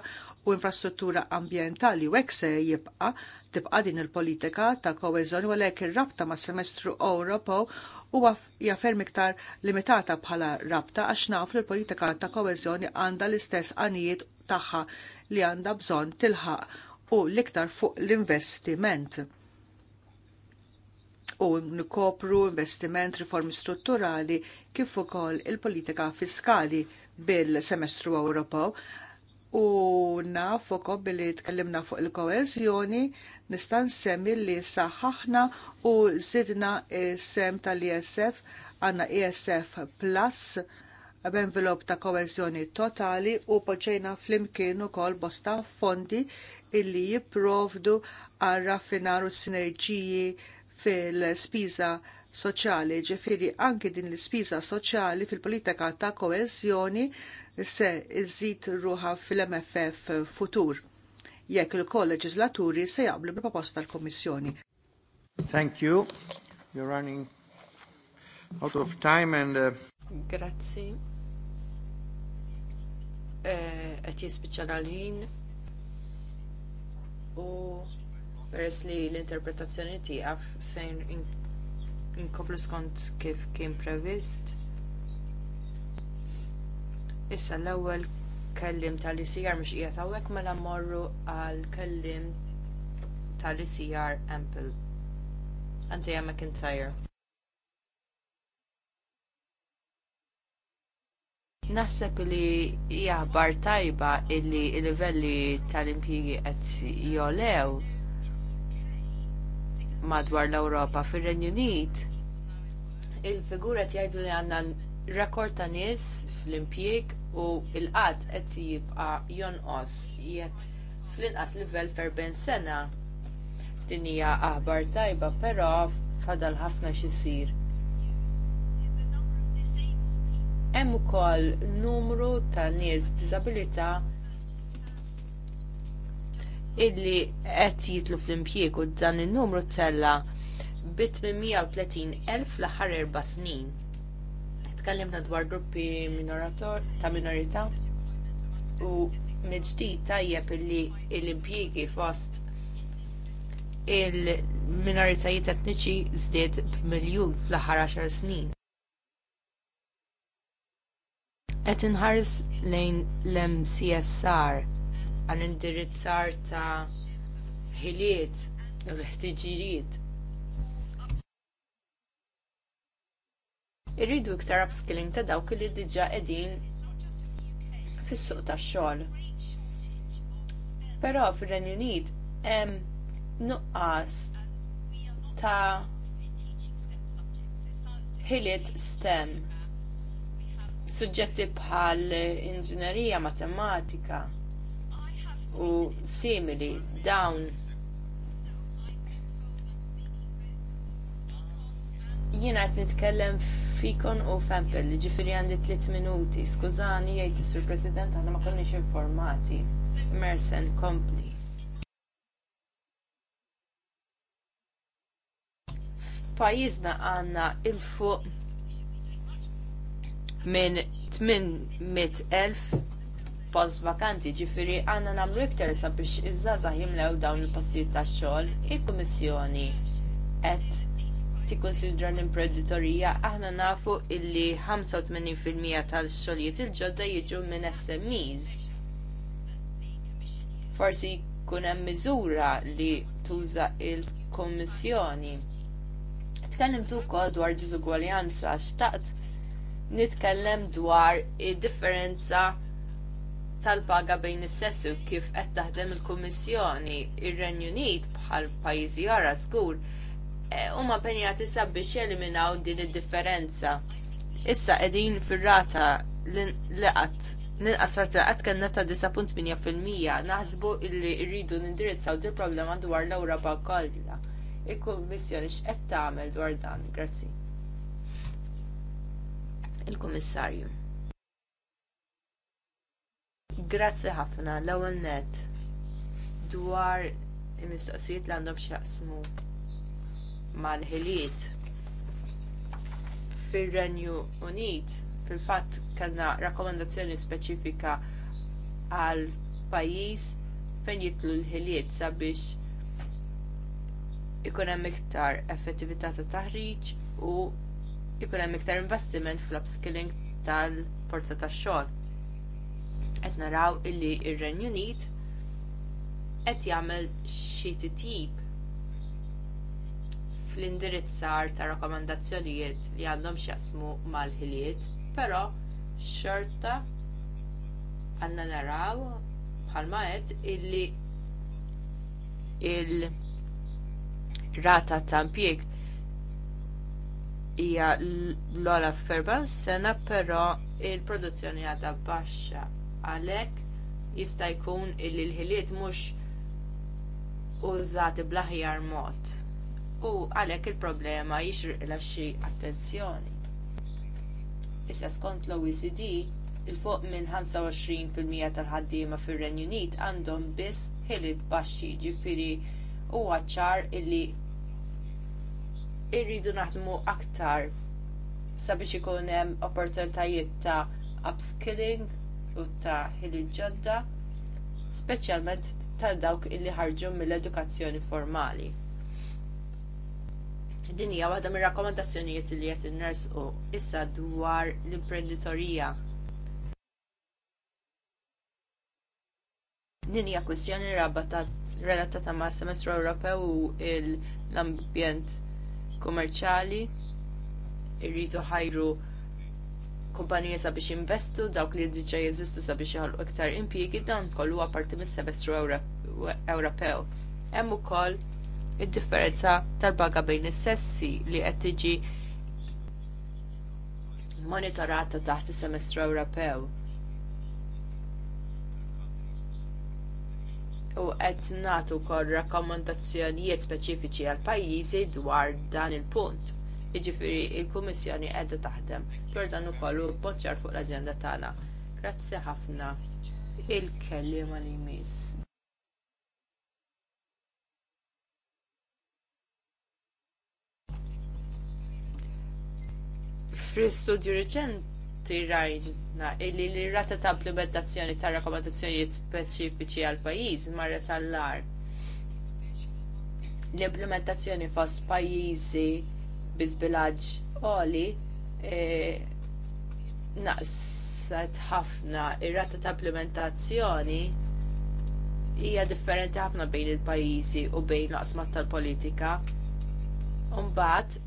u infrastruttura ambjentali u hekk se jibqa' tibqa' din il-politika ta' koezjoni, u għalhekk ir-rabta mas semestru Ewropew huwa jaffer iktar limitata bħala rabta għax naf li l-politika ta' koezjoni għandha l-istess għanijiet tagħha li għandha bżonn tilħaq u l-iktar fuq l-investiment u nkopru investiment riformi strutturali kif ukoll il-politika fiskali bil-semestru Ewropew u naf billi tkellimna fuq il-koeżjoni nista' nsemmi li saħħaħna u zidna sem tal-ISF għandna ISF e Plus b'envelop ta' koezjoni totali u poġġejna flimkien ukoll bosta fondi illi jipprovdu għal raffinar u sinerġiji fil-spiża soċjali, ġifiri anki din l-ispiża soċjali fil-politika ta' koezjoni se iżid ruħa fil-MFF futur jekk il-kolleġislaturi se jaqblu proposta tal-Kommissjoni. Thank you. You're running out of time and uh... Grazzi. Eh, qed jispiċċa u peress li l-interpretazzjoni għaf sejn inkoplu skont kif kien previst. Issa l-ewwel kellim tal-ICR mhux qiegħed hawnhekk mela mmorru għal kellim tal-ICR Ample. għamma kintajr. Naħseb li jgħabar tajba illi l-livelli tal-impjigi qed jolew madwar l-Ewropa. Fir-Renju Unit il-figura jgħidu li għanna rekord ta' nies fl-impjieg u l-qatt qed jibqa' jonqos jgħid fl-inqas livell ferben sena. Din hija aħbar tajba, però fadal ħafna xisir. Hemm ukoll numru ta' nies b'diżabilità illi qed jitlu fl-impjiegu dan in-numru tella bit 830,000 l aħħar erba' snin. Tkellimna dwar gruppi minorator ta' minorità u mill-ġdid tajjeb illi l-impjiegi fost il-minoritajiet etniċi żdied b'miljun fl-aħħar 10 snin. Qed inħares lejn l-MCSR Għal indirizzar ta' ħiliet u ħtiġiriet Irridu iktar upskilling ta' dawk li diġà qegħdin fis-suq tax-xogħol. Però fir-Renju Unit hemm nuqqas ta' ħiliet STEM suġġetti bħal inġinerija, matematika, u simili dawn jiena qed nitkellem fikon u fempel, li ġifiri għandi tliet minuti. Skużani, jgħid sur President, għanna ma konniex informati. Mersen, kompli. F'pajjiżna għandna il-fuq minn 800,000 post vakanti, ġifiri għanna namlu iktar sabiex iż-żazah jimlew dawn il-postijiet ta' xogħol, il-Kummissjoni qed tikkonsidra l-imprenditorija aħna nafu illi 85% tal-xogħlijiet il-ġodda jiġu minn SMEs. Forsi jkun hemm miżura li tuża il-Kummissjoni. Tkellimtu wkoll dwar diżugwaljanza xtaqt nitkellem dwar id-differenza tal-paga bejn is-sessu kif qed taħdem il-Kummissjoni ir-Renju Unit bħal pajjiżi oħra żgur e, huma penjati sabiex jeliminaw din id-differenza. Issa qegħdin fir-rata l-qatt Nilqas rata qatt kellna ta' 9.8% naħsbu illi rridu nindirizzaw dil problema dwar l-Ewropa kollha. Il-Kummissjoni x'qed tagħmel dwar dan? Grazzi. Il-Kummissarju. Grazzi ħafna l-ewwel net dwar il-mistoqsijiet li għandhom x'jaqsmu mal-ħiliet fir-Renju Unit fil-fatt kellna rakkomandazzjoni speċifika għal pajjiż fejn jitlu l-ħiliet sabiex ikun hemm iktar effettività ta' taħriġ u ikun hemm iktar investiment fl-upskilling tal-forza tax-xogħol qed naraw illi ir-Renju Unit qed jagħmel xi titjib fl-indirizzar ta' rakkomandazzjonijiet li għandhom x'jaqsmu mal-ħiliet, però xorta għandna naraw bħalma qed illi il-rata ta' impjieg hija l-ola ferba sena però il-produzzjoni għadha baxxa għalhekk jista' jkun illi l-ħiliet mhux użati bl-aħjar mod. U għalhekk il-problema la xi attenzjoni. Issa skont l-OECD, il-fuq minn 25% tal-ħaddiema fir-Renju Unit għandhom biss ħiliet baxxi, ġifieri huwa ċar illi irridu naħdmu aktar sabiex ikun hemm opportunitajiet ta' upskilling u ta' ħili ġodda, speċjalment ta' dawk illi ħarġu mill-edukazzjoni formali. Din hija waħda mir-rakkomandazzjonijiet li qed innersqu issa dwar l-imprenditorija. Din hija kwistjoni rabatat relatata ma' semestru Ewropew u l-ambjent kummerċali irridu ħajru kumpanija sabiex investu, dawk li diġa jeżistu sabiex jħallu iktar impjiegi dan kollu parti mis-semestru Ewropew. Hemm ukoll id-differenza tal-baga bejn is-sessi li qed tiġi monitorata taħt is-semestru Ewropew. U qed nagħtu wkoll rakkomandazzjonijiet speċifiċi għal pajjiżi dwar dan il-punt Jiġifieri il-Kummissjoni qiegħda taħdem dwar dan ukoll u bboċċar fuq l-aġenda tagħna. Grazzi ħafna il-kellima li jmiss. Fl-istudju riċenti rajna illi li rata ta' implementazzjoni ta' rakkomandazzjonijiet speċifiċi għal pajjiż marra tal-lar. L-implementazzjoni fost pajjiżi bi żbilaġġ oli e, naqsat ħafna ir-rata ta' implementazzjoni hija differenti ħafna bejn il-pajjiżi u bejn laqsmat tal-politika. Mbagħad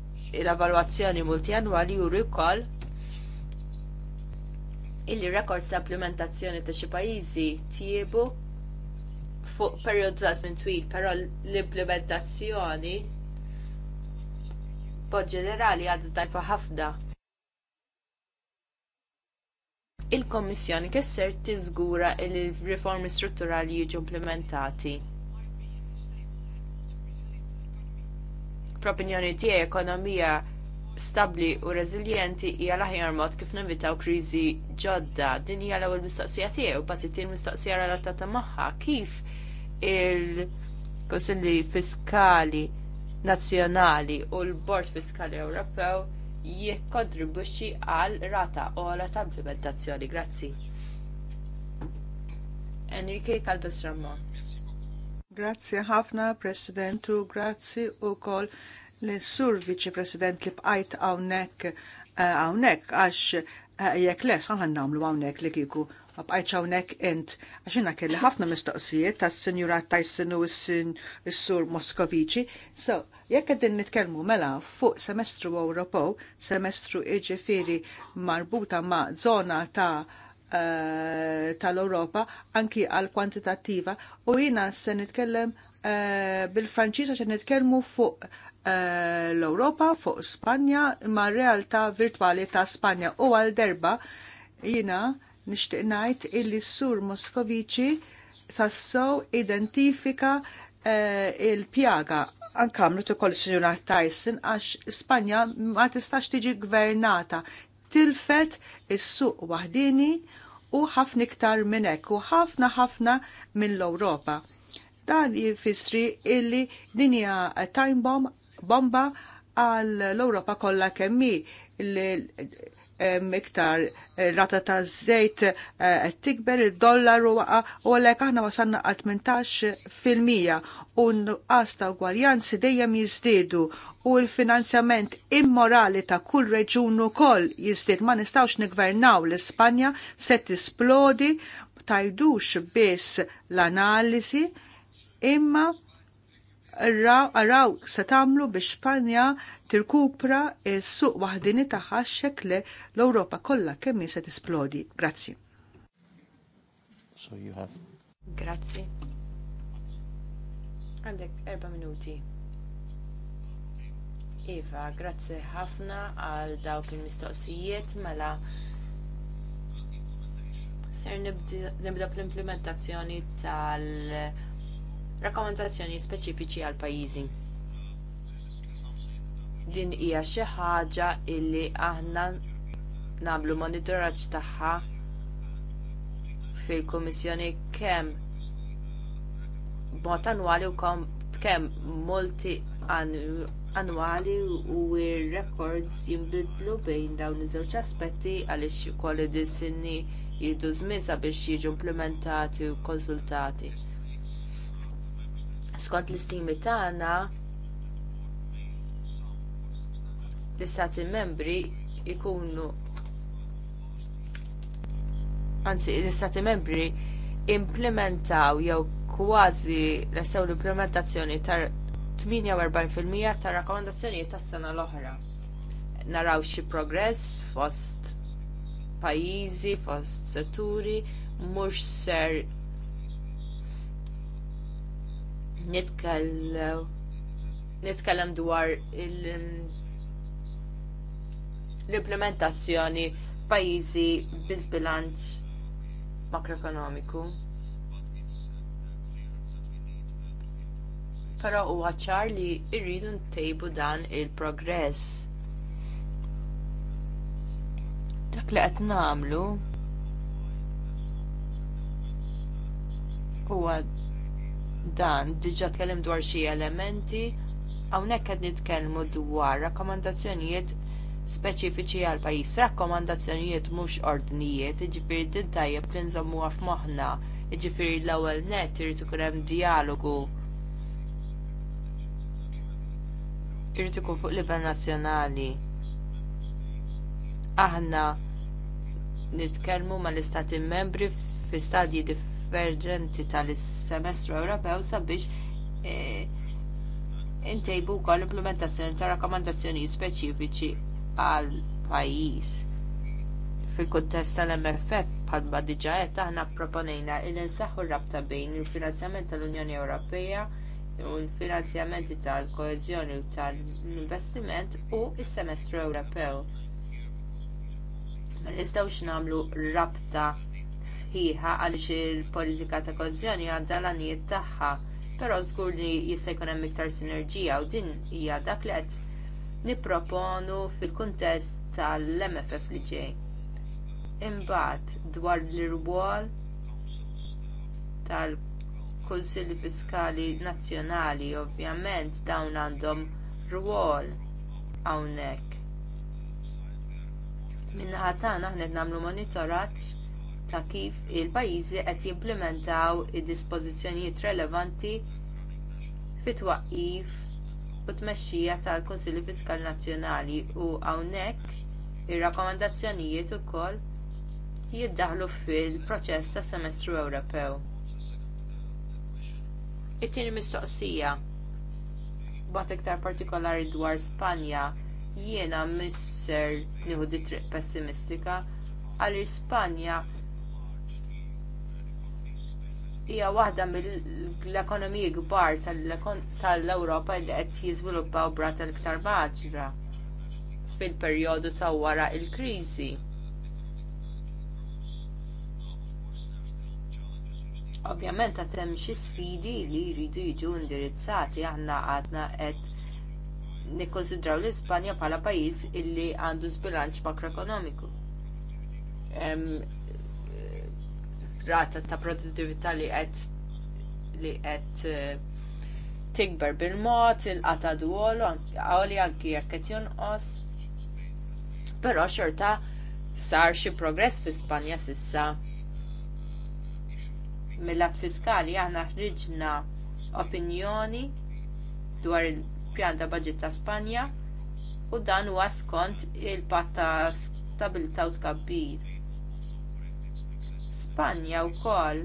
l-evalwazzjoni multjanwali juri wkoll illi rekords ta' implementazzjoni ta' xi pajjiżi tjiebu fuq perjodu ta' żmien twil, però l-implementazzjoni pod ġenerali għadha tajfa ħafna. Il-Kommissjoni kisser tiżgura li l-riformi strutturali jiġu implementati. Propinjoni tiegħi ekonomija stabbli u reżiljenti hija l-aħjar mod kif nevitaw kriżi ġodda. Din hija l-ewwel mistoqsija tiegħu, bagħad it-tieni mistoqsija relatata magħha kif il kunsilli fiskali nazzjonali u l-Bord Fiskali Ewropew jikkontribwixxi għal rata ola ta' implementazzjoni. Grazzi. Enrique Caldas Ramon. Grazzi ħafna, Presidentu, grazzi u kol l-Sur Viċi President li bqajt għawnek għawnek eh, għax eh, jekk les għan namlu għawnek li kiku ma bqajtx hawnhekk int għax jiena kelli ħafna mistoqsijiet tas-Sinjura Tyson u s-Sur Moskovici. So, jekk qegħdin nitkellmu mela fuq semestru Ewropew, semestru jiġifieri marbuta ma' żona ta' eh, tal-Europa anki għal kwantitattiva u jina se nitkellem eh, bil-Franċiż se nitkellmu fuq eh, l-Europa fuq Spanja ma' realtà virtuali ta' Spanja u għal derba jina nixtieq ngħid illi sur Moskoviċi tassow identifika eh, il-pjaga ankamlu ukoll sinjura Tyson għax Spanja ma tistax tiġi gvernata tilfet is-suq waħdini u ħafna iktar minn hekk u ħafna ħafna mill-Ewropa. Dan jifisri illi din hija time bomb bomba għall ewropa kollha kemm hi miktar eh, rata ta' zejt eh, tikber il dollar u għalek aħna wasanna għal 18 fil-mija u nuqqas ta' ugwaljanzi dejjem jizdidu u l-finanzjament immorali ta' kull reġun ukoll jizdid ma nistawx nigvernaw l-Ispanja se tisplodi tajdux biss l-analizi imma araw se tagħmlu biex Spanja tirkupra s-suq waħdini tagħha xekle l-Ewropa kollha kemm se tisplodi. Grazzi. So you have. Grazzi. Għandek erba' minuti. Iva, grazzi ħafna għal dawk il-mistoqsijiet mela ser nibda bl-implementazzjoni tal- rakkomandazzjoni speċifiċi għal pajjiżi. Din hija xi ħaġa illi aħna nagħmlu monitoraġġ tagħha fil-Kummissjoni kemm b'mod annwali u kemm multi annwali u r-records jinbidlu bejn dawn iż-żewġ aspetti għaliex ukoll id-sinni jieħdu żmien sabiex jiġu implementati u konsultati Skont l-istimi tagħna l-istati membri ikunu anzi l-istati membri implementaw jew kważi lesew l-implementazzjoni tar 48% tar rakkomandazzjonijiet tas-sena l-oħra. Naraw xi progress fost pajjiżi, fost setturi, mhux ser nitkellem nitkellem dwar mm, l-implementazzjoni pajjiżi biżbilanċ makroekonomiku. Però huwa ċar li rridu ntejbu dan il-progress. Dak li qed nagħmlu dan diġà tkellim dwar xi elementi hawnhekk qed nitkellmu dwar rakkomandazzjonijiet speċifiċi għal pajjiż, rakkomandazzjonijiet mhux ordnijiet, jiġifieri din tajjeb li nżommuha f'moħħna, jiġifieri l-ewwel nett irid ikun hemm dijalogu irid ikun fuq livell nazzjonali. Aħna nitkellmu mal-istati membri fi stadji differenti konverġenti tal-semestru Ewropew sabiex e, intejbu wkoll implementazzjoni ta' rakkomandazzjonijiet speċifiċi għal pajjiż fil-kuntest tal-MFF ma diġà qed aħna proponejna li nsaħħu rabta bejn il-finanzjament tal-Unjoni Ewropea u l-finanzjamenti tal koezjoni u tal-investiment u s semestru Ewropew. Ma nistgħux nagħmlu rabta sħiħa għaliex il-politika ta' kozzjoni għandha l-għanijiet tagħha, però żgur li jista' jkun hemm iktar sinerġija u din hija dak li qed nipproponu fil-kuntest tal-MFF li ġej. Imbagħad dwar l-irwol tal-Kunsilli Fiskali Nazzjonali, ovvjament dawn għandhom rwol hawnhekk. Min-naħa tagħna aħna qed nagħmlu monitoraġġ ta' kif il-pajjiżi qed jimplementaw id-dispożizzjonijiet relevanti fit-twaqqif u tmexxija tal-Kunsilli Fiskali Nazzjonali u hawnhekk ir-rakkomandazzjonijiet ukoll jiddaħħlu fil-proċess tas semestru Ewropew. It-tieni mistoqsija b'għad iktar partikolari dwar Spanja jiena misser nieħu di triq pessimistika għal Spanja hija waħda mill-ekonomiji kbar tal-Ewropa li qed jiżviluppaw brat l-iktar baġra fil-perjodu ta' wara l kriżi Ovvjament għad hemm xi sfidi li jridu jiġu indirizzati aħna għadna qed nikkonsidraw l-Ispanja bħala pajjiż illi għandu żbilanċ makroekonomiku rata ta' produttività li qed li qed eh, tikber bil-mod, il-qata dwolu għawli anki jekk qed jonqos. Però xorta sar xi progress fi Spanja sissa. Mill-att fiskali aħna ħriġna opinjoni dwar il-pjan ta' budget ta' Spanja u dan huwa skont il patta stabilità u tkabbir Spanja wkoll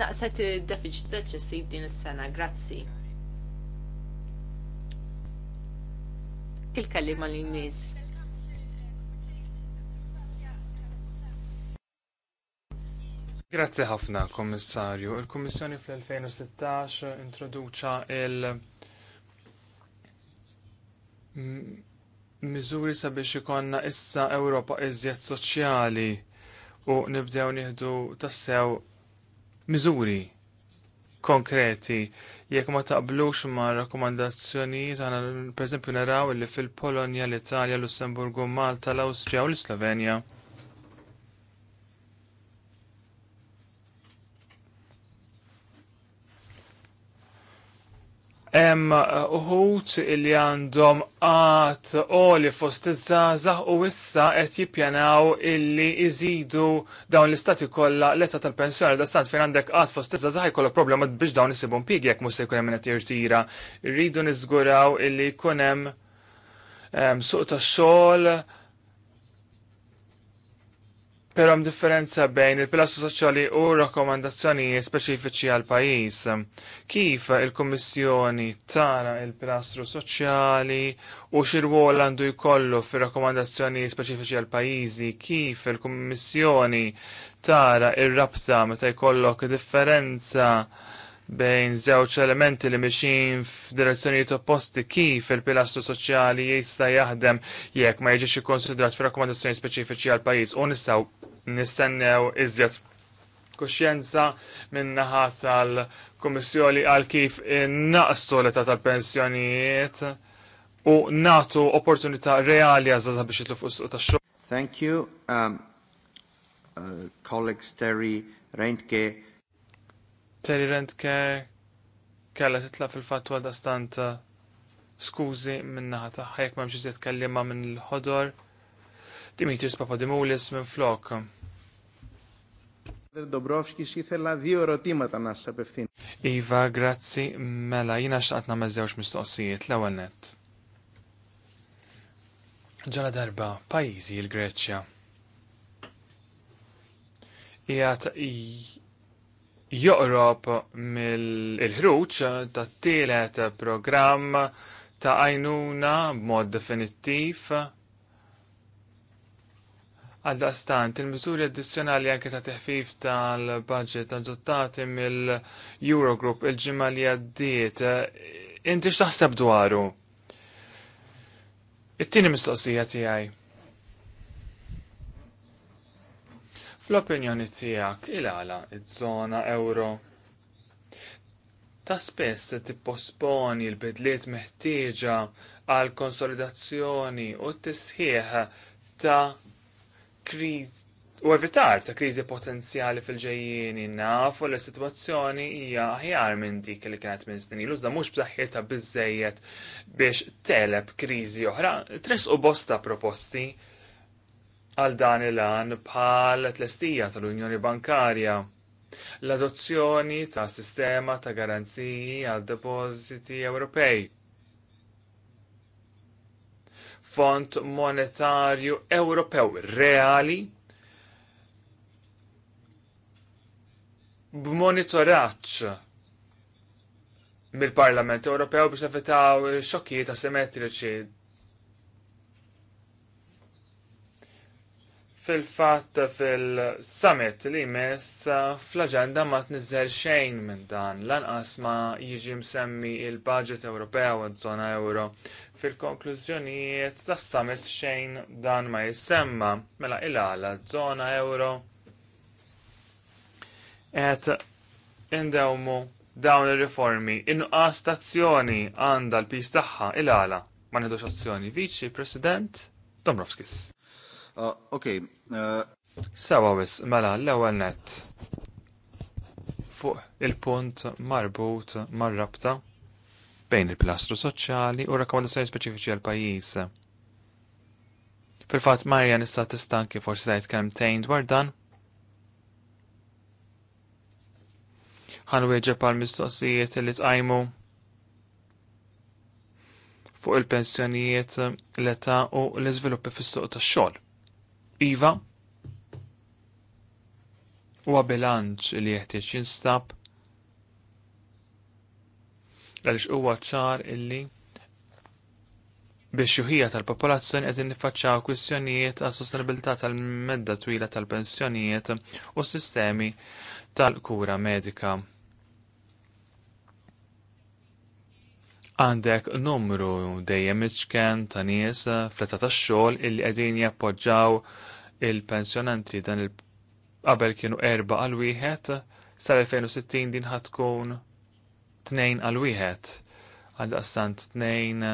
naqset il deficit eċċessiv din is-sena, grazzi. Kilka li lin nies Grazzi ħafna, Kommissarju. Il-Kommissjoni fl-2016 introduċa il- miżuri sabiex ikonna issa Ewropa iżjed soċjali u nibdew nieħdu tassew miżuri konkreti. Jekk ma taqblux ma rakkomandazzjonijiet aħna pereżempju naraw li fil-Polonja, l-Italja, Lussemburgu, Malta, l-Awstrija u l-Slovenja Em uh, uħut li għandhom għat li fost iż-żgħażagħ u issa qed jippjanaw illi iżidu dawn l-istati kollha l-età tal-pensjoni da stant fejn għandek għat fost iż-żgħażagħ ikollok problema biex dawn isibhom pigi jekk mhux se jkun hemm qed jirtira. Rridu niżguraw illi jkun hemm suq tax-xogħol pero għam differenza bejn il-pilastru soċjali u rakkomandazzjonijiet speċifiċi għal pajjiż. Kif il-Kummissjoni tara il-pilastru soċjali u xi rwol għandu jkollu fir rakkomandazzjonijiet speċifiċi għal pajjiżi, kif il-Kummissjoni tara il rabta meta jkollok differenza bejn żewġ elementi li mixin f'direzzjonijiet opposti kif il-pilastru soċjali jista' jaħdem jekk ma jiġix ikkonsidrat f'rakkomandazzjoni speċifiċi għal pajjiż u nistgħu nistennew iżjed kuxjenza minn naħa tal-Kummissjoni għal kif naqstu l-età tal-pensjonijiet u natu opportunità reali għazza biex jitlu fuq ta' tax-xogħol. Thank you, um, uh, colleagues Terry Reintke Terry ke kella titla fil-fatwa da stant eh, skużi minnaħa taħħa jekk m'hemmx iżjed kellima minn l-ħodor. Dimitris Papadimoulis minn flok. Dobrovski si thella dio rotimata nasa peftin. Iva, grazzi, mela, jina xaqt namel zewx mistoqsijiet l net. Ġala darba, pajizi il-Greċja. Ija joqrob mill-ħruġ ta' tielet programm ta' għajnuna b'mod definittiv għal il-miżuri addizzjonali anke ta' teħfif tal-budget adottati mill-Eurogroup il-ġimgħa li għaddiet inti x'taħseb dwaru? It-tieni mistoqsija tiegħi. Fl-opinjoni tiegħek il-għala iż-żona euro ta' spess se tipposponi l-bidliet meħtieġa għal konsolidazzjoni u t-tisħieħ ta' kriz u evitar ta' kriżi potenzjali fil ġejjini nafu li situazzjoni hija aħjar minn dik li kienet minn snin ilu da mhux b'saħħitha biżejjed biex teleb kriżi oħra, tres u bosta proposti għal dan il-għan bħal tlestija tal-Unjoni Bankarja. L-adozzjoni ta' sistema ta' garanziji għal depositi Ewropej. Fond monetarju Ewropew reali b'monitoraċ mill-Parlament Ewropew biex evitaw ta' asimetriċi fil-fatt fil-summit li mess eh, fl agenda ma tnizzel xejn minn dan lanqas ma jiġi msemmi il-budget Ewropew u zona euro fil-konklużjonijiet tas summit xejn dan ma jissemma mela il-għala zona euro et indewmu dawn ir-riformi inqas tazzjoni għandha l-pis tagħha il-għala ma nħedux azzjoni viċi President Domrovskis. Uh, okay, Sawa wis, mela, l-ewwel nett. Fuq il-punt marbut mar-rabta bejn il-plastru soċjali u rakkomandazzjoni speċifiċi għal pajjiż. Fil-fatt Marja nista' tista' anke forsi tgħid kemm dwar dan. Ħan wieġeb għal mistoqsijiet li tqajmu fuq il-pensjonijiet, l-età u l-iżviluppi fis-suq tax-xogħol. Iva, u bilanċ li jeħtieġ jinstab għaliex huwa ċar illi biex juħija tal-popolazzjoni qed niffaċċjaw kwistjonijiet għas sostenibilità tal-medda twila tal-pensjonijiet u s sistemi tal-kura medika. Għandek numru dejjem iċken ta' nies eh, fl-età ta' xogħol illi qegħdin jappoġġaw il-pensjonanti dan il qabel kienu erba għal wieħed sal-2060 din ħatkun tnejn għal wieħed Għaldaqstant tnejn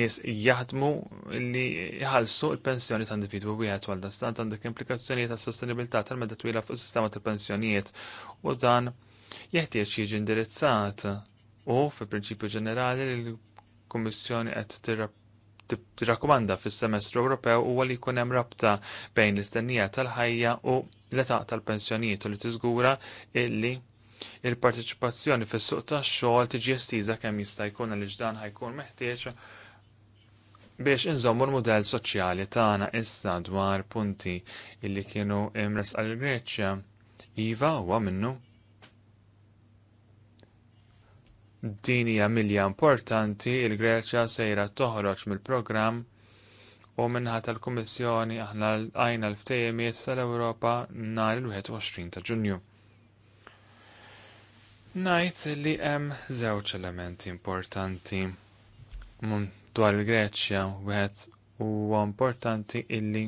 nies jaħdmu li jħalsu il-pensjoni ta' individwu wieħed u daqstant għandek implikazzjonijiet għas sostenibilità tal-medda twila fuq sistema tal-pensjonijiet u dan jeħtieġ jiġi indirizzat u fil prinċipju ġenerali l-Kummissjoni qed tirrakkomanda fis-semestru Ewropew huwa li jkun hemm rabta bejn l-istennija tal-ħajja u l-età tal-pensjonijiet u li tiżgura illi il-parteċipazzjoni fis-suq tax-xogħol tiġi estiża kemm jista' jkun għal ġdan ħajkun meħtieġ biex inżommu l-modell soċjali tagħna issa dwar punti illi kienu imres għal Greċja. Iva huwa minnu Din hija milja importanti il-Greċja sejra toħroġ mill-programm u minnaħat tal-Kummissjoni aħna għajna l-ftejemiet tal-Ewropa nhar il-21 ta' Ġunju. Najt li hemm żewġ elementi importanti dwar il-Greċja wieħed huwa importanti illi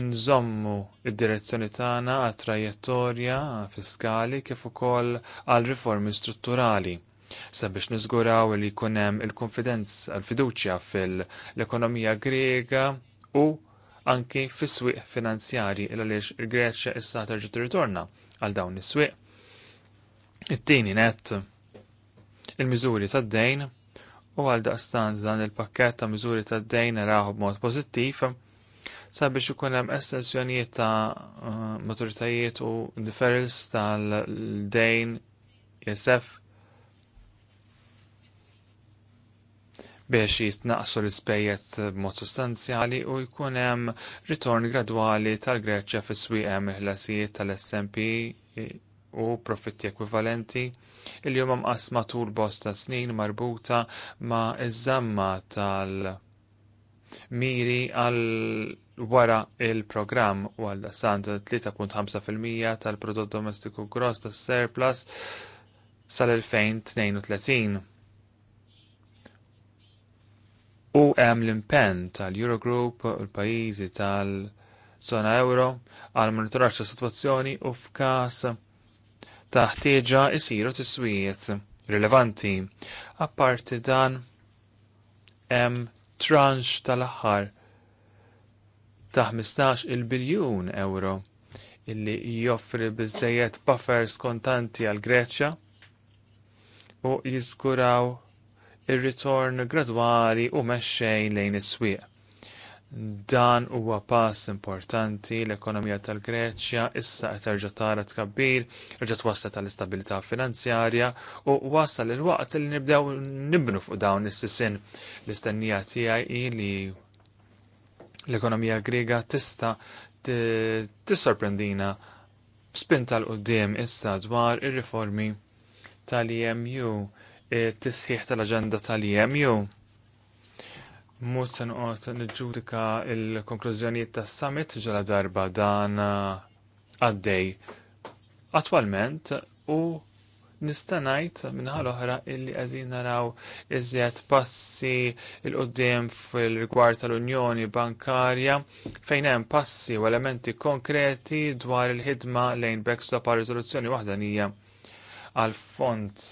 inżommu id-direzzjoni tagħna għat trajettorja fiskali kif ukoll għal riformi strutturali sabiex niżguraw li jkun hemm il-konfidenza għal fiduċja fil-ekonomija Grega u anki fis-swieq finanzjari il għaliex il-Greċja issa terġa' tirritorna għal dawn is-swieq. It-tieni net il-miżuri tad-dejn u għal daqstant dan il-pakket ta' miżuri tad dejn raħu b'mod pożittiv sabiex ikun hemm estensjonijiet ta' uh, maturitajiet u deferrals tal-dejn ISF e biex jitnaqsu l-ispejjeż b'mod sostanzjali u jkun hemm ritorn gradwali tal-Greċja fis swieqem il-ħlasijiet tal-SMP u profitti ekwivalenti il huma mqasma tul bosta snin marbuta ma' iż-żamma tal- miri għal wara il-programm u għal sant 3.5% tal-prodott domestiku gross tas surplus sal-2032. U hemm l-impenn tal-Eurogroup u l-pajjiżi tal-Zona Euro għal monitoraġġ tas-sitwazzjoni u f'każ ta' ħtieġa isiru tiswijiet rilevanti. Apparti dan hemm tranche tal-aħħar ta' 15 il-biljun euro illi joffri biżejjed buffers kontanti għal Greċja u jiżguraw ir-ritorn gradwali u mexxejn lejn is-swieq. Dan huwa pass importanti l-ekonomija tal-Greċja issa qed terġa' tara tkabbir, terġa' twassal tal-istabilità finanzjarja u wasal il-waqt li nibdew nibnu fuq dawn is-sisin. L-istennija tiegħi li l-ekonomija Griega tista' tissorprendina spinta l-qoddim issa dwar ir-riformi tal-EMU tisħiħ tal-aġenda tal-EMU. Mut se noqgħod niġġudika l-konklużjonijiet tas-summit ġala darba dan uh, għaddej attwalment u nistanajt minnaħal oħra illi għadin naraw iżjed passi il-qoddim fil-rigward tal-Unjoni Bankarja fejn hemm passi u elementi konkreti dwar il-ħidma lejn backstop għal riżoluzzjoni waħda nija għal fond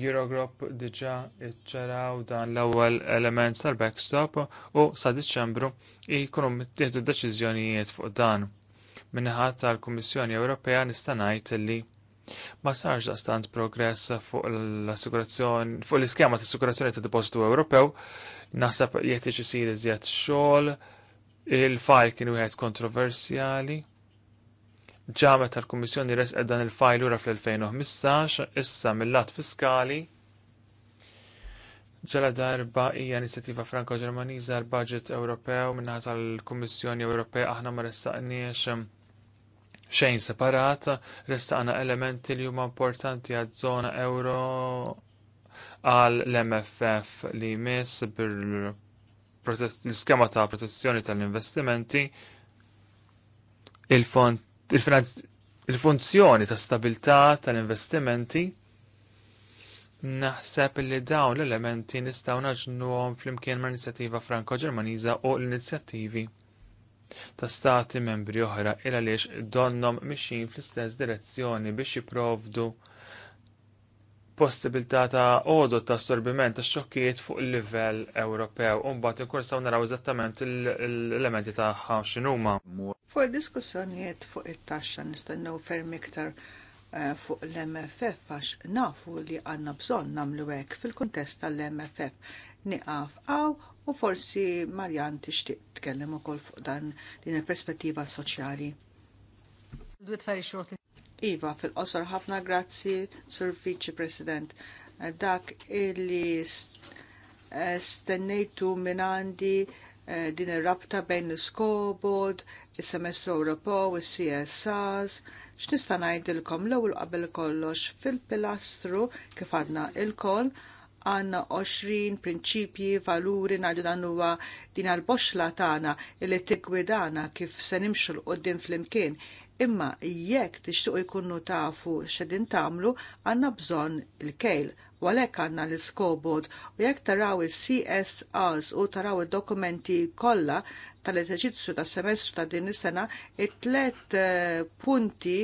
Eurogroup diġa iċċaraw dan l-ewwel element tal-backstop u sa Diċembru jkunu mittieħdu deċiżjonijiet fuq dan. Minħat tal-Kummissjoni Ewropea nista' ngħid li ma sarx daqstant progress fuq l-assigurazzjoni fuq l-iskema ta' assigurazzjoni ta' depositu Ewropew, naħseb jekk isir iżjed xogħol, il-fajl kien wieħed kontroversjali ġamet tal-Kummissjoni res dan il-fajl ura fl-2015, issa mill-lat fiskali, ġala darba hija inizjattiva franko-ġermaniża l budget Ewropew minnaħa tal-Kummissjoni Ewropea aħna ma ressaqniex xejn separat, ressaqna elementi li huma importanti għad żona euro għal l-MFF li jmiss bir l-iskema ta' protezzjoni tal-investimenti il-fond il-funzjoni ta' stabilità tal-investimenti naħseb li dawn l-elementi nistgħu naġnuhom flimkien ma' inizjattiva Franko-Ġermaniża u l-inizjattivi ta' stati membri oħra il għaliex donnom mixin fl-istess direzzjoni biex jipprovdu possibilità ta' għodu ta' assorbiment ta' xokkijiet fuq il-livell Ewropew. Umbat inkun saw naraw eżattament l-elementi ta' xinuma. Fuq diskussjonijiet fuq it-taxxa nistennew ferm iktar eh, fuq l-MFF għax nafu li għanna bżon namlu hekk fil-kuntest tal-MFF niqaf għaw u forsi Marjan tixtieq tkellem ukoll fuq dan din il-perspettiva soċjali. Do it very Iva, fil-qosor ħafna grazzi, Sur Viċi President. Dak illi eh, stennejtu minn għandi eh, din ir-rabta bejn l-skobod, il-semestru Ewropew, il-CSAs, x'nista' ngħidilkom l-ewwel qabel kollox fil-pilastru kif għadna lkoll koll għanna 20 prinċipji, valuri ngħidu dan huwa din għall boxla tagħna illi tiggwidana kif se nimxu l-qoddim flimkien Imma jekk tixtuq jkunu tafu xedin tamlu, għanna bżon il-kejl, għalhekk għanna l-skobod, u jekk taraw il-CSRs u taraw il-dokumenti kolla tal-eżerċizzju ta' semestru ta' din is-sena, it-tlet eh, punti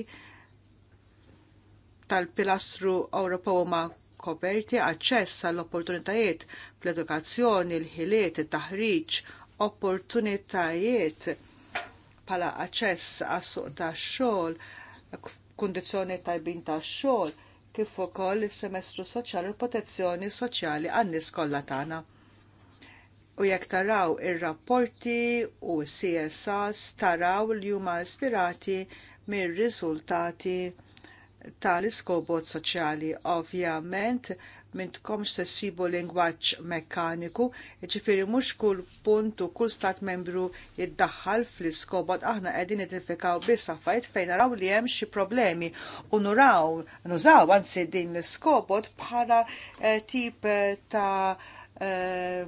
tal-pilastru Ewropew ma' koperti aċċess għall opportunitajiet fl-edukazzjoni, l-ħiliet, it-taħriġ, opportunitajiet pala aċċess għas-suq tax-xogħol, kundizzjoni tajbin tax-xogħol, kif ukoll is-semestru soċjali u protezzjoni soċjali għan-nies kollha tagħna. U jekk taraw ir-rapporti u CSS taraw li huma ispirati mir-riżultati tal-iskobot soċjali. Ovvjament Mintkomx se sibu lingwaġġ mekkaniku, jiġifieri mhux kull punt u kull stat membru jiddaħħal fl-iskobot aħna qegħdin identifikaw biss affarijiet fejn naraw li hemm xi problemi u nuraw nużaw anzi din l-iskobot bħala eh, tip eh, ta' eh,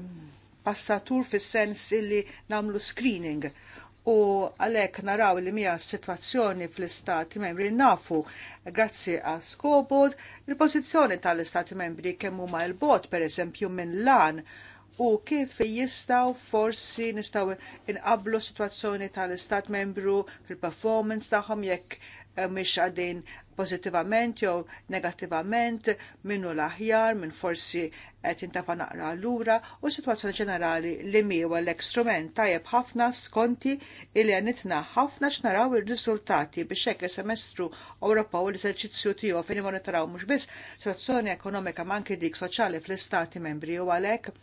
passatur fis-sens illi namlu screening u għalhekk naraw li mija situazzjoni sitwazzjoni fl-istati membri nafu grazzi għal skobod il-pożizzjoni tal-istati membri kemm huma l-bot pereżempju minn lan u kif jistaw forsi nistaw inqablu situazzjoni tal-istat membru fil-performance tagħhom jekk Eh, mhix għadin pożittivament jew negattivament minnu l-aħjar, minn forsi qed jintafa naqra lura u sitwazzjoni ġenerali li mi huwa l istrument tajjeb ħafna skonti illi għanitna ħafna x'naraw ir-riżultati biex hekk semestru Ewropew l-eżerċizzju tiegħu fejn monitoraw mhux biss situazzjoni ekonomika ma anke dik soċjali fl-istati membri u għalhekk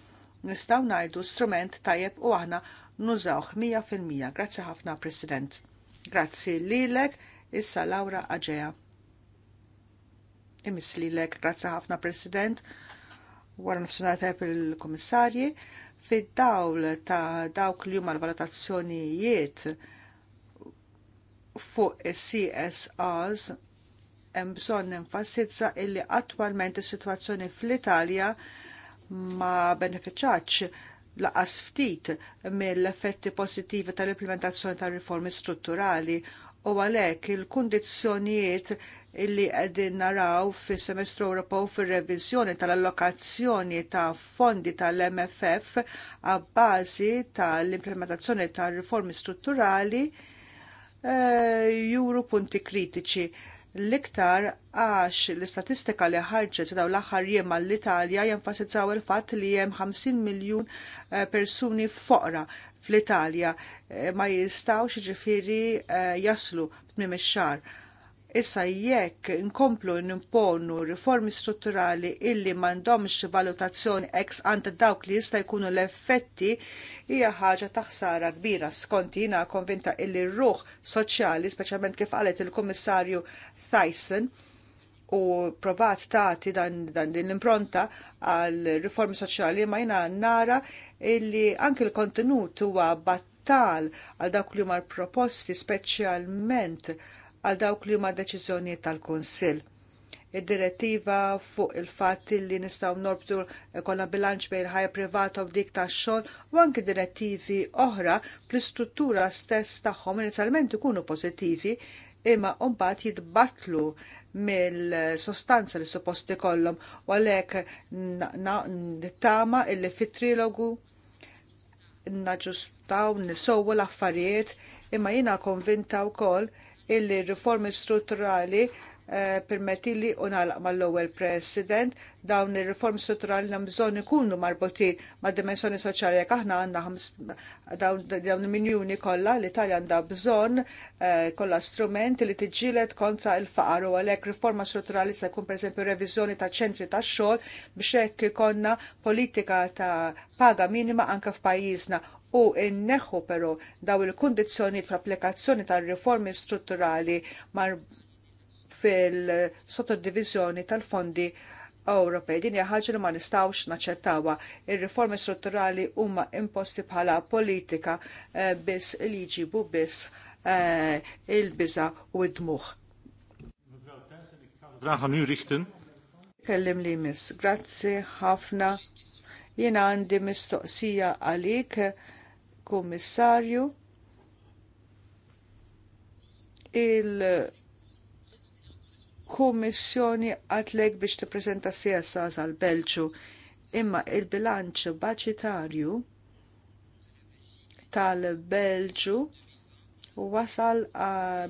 nistgħu ngħidu strument tajjeb u aħna nużawh 100%. Grazzi ħafna President. Grazzi lilek Issa Laura Aġea. Imisli lek, grazzi ħafna President, wara nofsinar il-Komissarji, fid-dawl ta' dawk li huma l-valutazzjonijiet fuq is-CSRs hemm bżonn nenfasizza illi attwalment is-sitwazzjoni fl-Italja ma beneficiaċ laqas ftit mill-effetti pożittivi tal-implementazzjoni tal riformi strutturali u għalhekk il-kundizzjonijiet illi qegħdin naraw fis-semestru Ewropew fir-reviżjoni tal-allokazzjoni ta' fondi tal-MFF għabbażi tal-implementazzjoni ta' riformi strutturali eh, juru punti kritiċi l-iktar għax l-istatistika li ħarġet daw l-aħħar jiem għall-Italja jenfasizzaw il-fatt li hemm 50 miljun eh, persuni foqra fl-Italja eh, ma jistaw ġifiri eh, jaslu tmim ix-xar. Issa jekk nkomplu nimponu riformi strutturali illi m'għandhomx valutazzjoni ex ante dawk li jista' jkunu l-effetti hija ħaġa ta' ħsara kbira skont jiena konvinta illi r-ruħ soċjali, speċjalment kif qalet il-Kummissarju Thyssen, u provat taħti dan, dan din l-impronta għal riformi soċjali ma jina nara illi anke l-kontenut huwa battal għal dawk li huma proposti speċjalment għal dawk li huma deċiżjonijiet tal-Kunsill. Id-direttiva fuq il fat li nistgħu norbtu konna bilanċ bejn ħajja privata u dik tax-xogħol u anke direttivi oħra fl-istruttura stess tagħhom inizjalment ikunu pożittivi imma mbagħad jitbatlu mill-sostanza li suppost ikollhom u għalhekk nittama illi fit-trilogu naġustaw nisowu l-affarijiet imma jiena konvinta wkoll illi riformi strutturali Eh, permettili u nalaq mal-ewwel president dawn ir-riformi strutturali nam bżonn ikunu marbutin mad-dimensjoni soċjali jekk aħna għandna dawn il-minjuni kollha l-Italja għandha bżonn eh, kollha strument li tiġilet kontra l-faqar u għalhekk riforma strutturali se jkun pereżempju reviżjoni ta' ċentri tax-xogħol biex hekk ikollna politika ta' paga minima anke f'pajjiżna u inneħħu però daw il kundizzjonijiet fl-applikazzjoni tar-riformi strutturali mar fil-sottodivizjoni tal-fondi Ewropej. Din hija ħaġa li ma nistgħux naċċettawha. Ir-riformi strutturali huma imposti bħala politika eh, biss li jġibu biss eh, il-biża u d-dmuħ. Kellim li miss. Grazzi ħafna. Jiena għandi mistoqsija għalik, kummissarju. Il- kummissjoni għatlek biex tippreżenta CSAs għal Belġu imma il-bilanċ baċitarju tal-Belġu wasal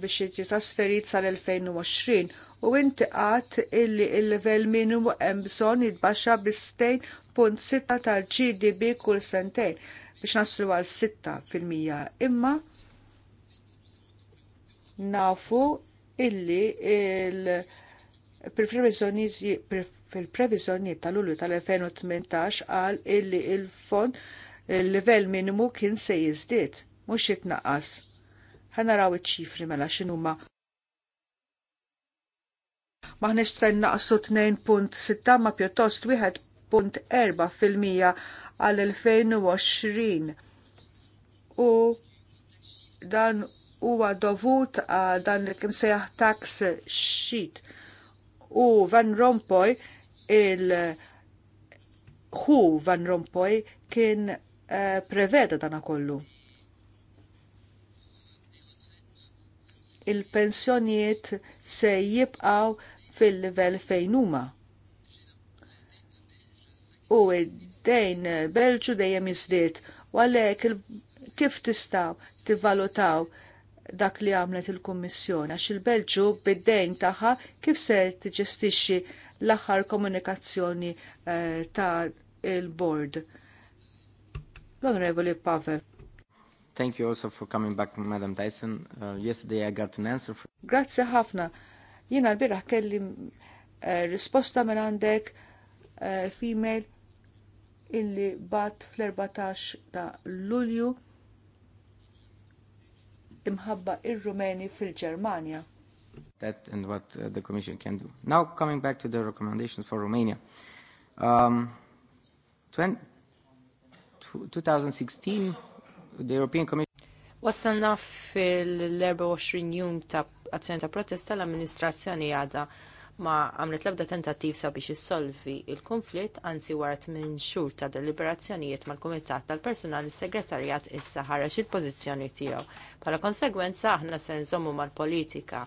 biex trasferit sal-2020 u inti qatt illi il-level minimu hemm bżonn bistejn punt sitta tal-GDB kull sentejn biex naslu għal 6 fil-mija. Imma nafu illi il-previżjonijiet tal-Lulju tal-2018 qal illi il-fond il-livell minimu kien se jiżdied mhux jitnaqqas. Ħanaraw iċ-ċifri mela x'inhuma. Ma se naqsu 2.6 ma pjuttost 1.4 fil-mija għal 2020 u dan huwa dovut għal dan li kim sejaħ tax sheet u Van Rompuy il hu Van Rompuy kien uh, eh, preveda dan kollu. Il-pensjonijiet se jibqaw fil-level fejn huma. U id-dejn Belġu dejjem jiżdied u għalhekk kif tistaw tivvalutaw dak li għamlet il-Kummissjoni għax il-Belġu bid-dejn tagħha kif se tiġestixxi l-aħħar komunikazzjoni eh, ta' il-board. L-Onorevoli Pavel. Thank you also for coming back, Madam Tyson. Uh, yesterday I got an answer. For... Grazie ħafna. Jina l-biraħ kelli eh, risposta minn għandek eh, female illi bat fl-14 ta' Lulju imħabba ir-Rumeni fil-Ġermanja. That and what uh, the Commission can do. Now coming back to the recommendations for Romania. Um, 2016, the European Commission Wassalna fil-24 jum ta' azzjoni ta' protesta l-amministrazzjoni għada ma għamlet l-ebda tentattiv sabiex issolvi il-konflitt, anzi wara minn xhur ta' deliberazzjonijiet mal-Kumitat tal-Personal segretarjat issa ħareġ il-pożizzjoni tiegħu. Bħala konsegwenza aħna se nżommu mal-politika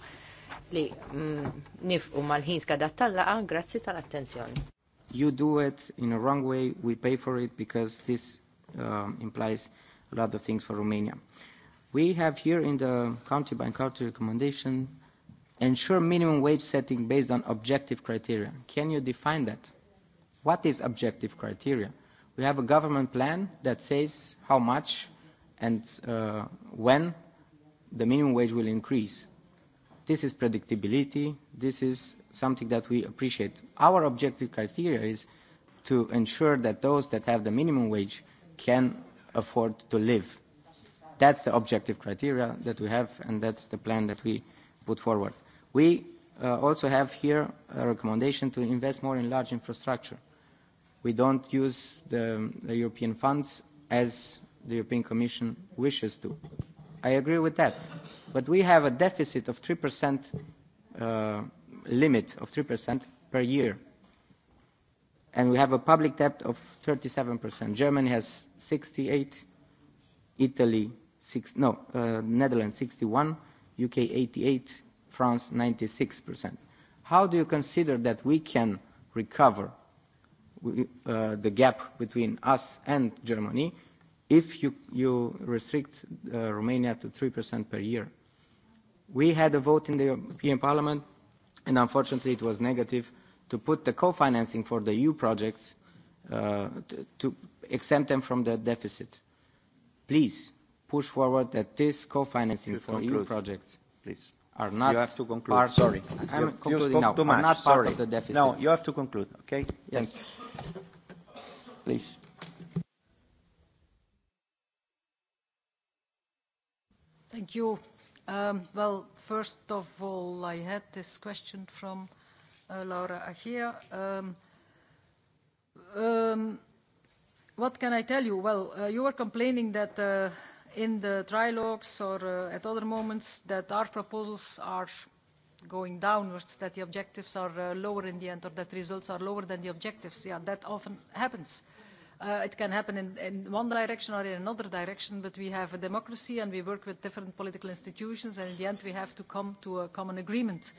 li mm, nifqu mal-ħin skadat tal-laqa grazzi tal-attenzjoni. You do it in a wrong way, we pay for it because this uh, implies a lot of things for Romania. We have here in the country by country recommendation ensure minimum wage setting based on objective criteria. Can you define that? What is objective criteria? We have a government plan that says how much and uh, when the minimum wage will increase. This is predictability. This is something that we appreciate. Our objective criteria is to ensure that those that have the minimum wage can afford to live. That's the objective criteria that we have, and that's the plan that we put forward. We uh, also have here a recommendation to invest more in large infrastructure. We don't use the, the European funds as the European Commission wishes to. I agree with that. But we have a deficit of 3% uh, limit of 3% per year. And we have a public debt of 37%. Germany has 68, Italy, six, no, uh, Netherlands 61, UK 88, France 96%. How do you consider that we can recover uh, the gap between us and Germany if you, you restrict uh, Romania to 3% per year? We had a vote in the European Parliament, and unfortunately it was negative, to put the co-financing for the EU projects uh, to, to exempt them from the deficit. Please, push forward that this co-financing for e conclude, EU projects please are not you have to conclude. part sorry I'm you, concluding you now are not sorry. part of the deficit no you have to conclude okay yes Thanks. please thank you um, well first of all I had this question from uh, Laura Achia um, um, what can I tell you well uh, you were complaining that uh, in the trilogues or uh, at other moments that our proposals are going downwards, that the objectives are uh, lower in the end or that results are lower than the objectives. Yeah, that often happens. Uh, it can happen in, in one direction or in another direction, but we have a democracy and we work with different political institutions and in the end we have to come to a common agreement.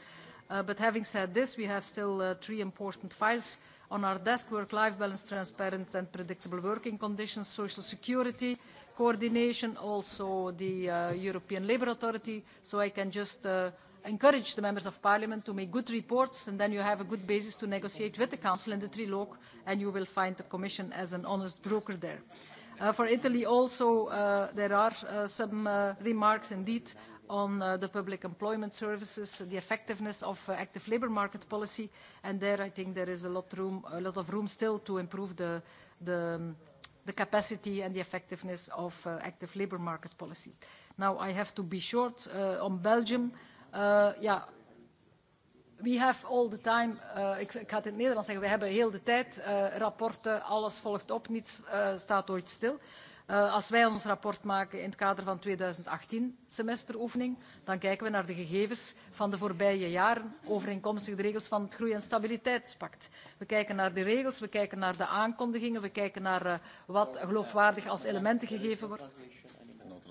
Uh, but having said this, we have still uh, three important files on our desk, work-life balance, transparent and predictable working conditions, social security, coordination, also the uh, European Labour Authority, so I can just uh, encourage the members of parliament to make good reports and then you have a good basis to negotiate with the council and the trilogue and you will find the commission as an honest broker there. Uh, for Italy also uh, there are uh, some uh, remarks indeed on uh, the public employment services, the effectiveness of uh, active labour market policy and there I think there is a lot, room, a lot of room still to improve the, the um, the capacity and the effectiveness of uh, active labour market policy. Now, I have to be short uh, on Belgium. Uh, yeah, we have all the time, uh, ik, ga het in het Nederlands zeggen, we hebben heel de tijd uh, rapporten, alles volgt op, niets uh, staat ooit stil. Uh, Eh, als wij ons rapport maken in het kader van 2018 semesteroefening, dan kijken we naar de gegevens van de voorbije jaren overeenkomstig de regels van het Groei- en Stabiliteitspact. We kijken naar de regels, we kijken naar de aankondigingen, we kijken naar uh, wat geloofwaardig als elementen gegeven wordt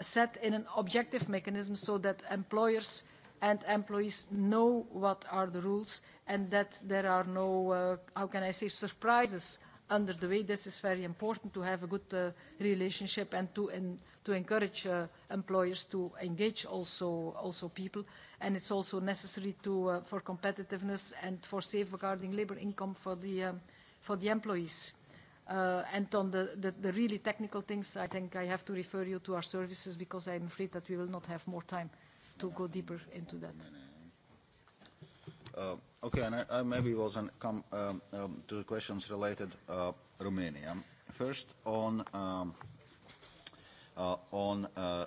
set in an objective mechanism so that employers and employees know what are the rules and that there are no, uh, how can I say, surprises under the way. This is very important to have a good uh, relationship and to, in, to encourage uh, employers to engage also, also people. And it's also necessary to, uh, for competitiveness and for safeguarding labor income for the, um, for the employees. Uh, and on the, the, the really technical things, I think I have to refer you to our services because I'm afraid that we will not have more time to go deeper into that. Uh, okay, and I, I maybe will then come um, um, to the questions related uh, Romania. First, on um, uh, on uh,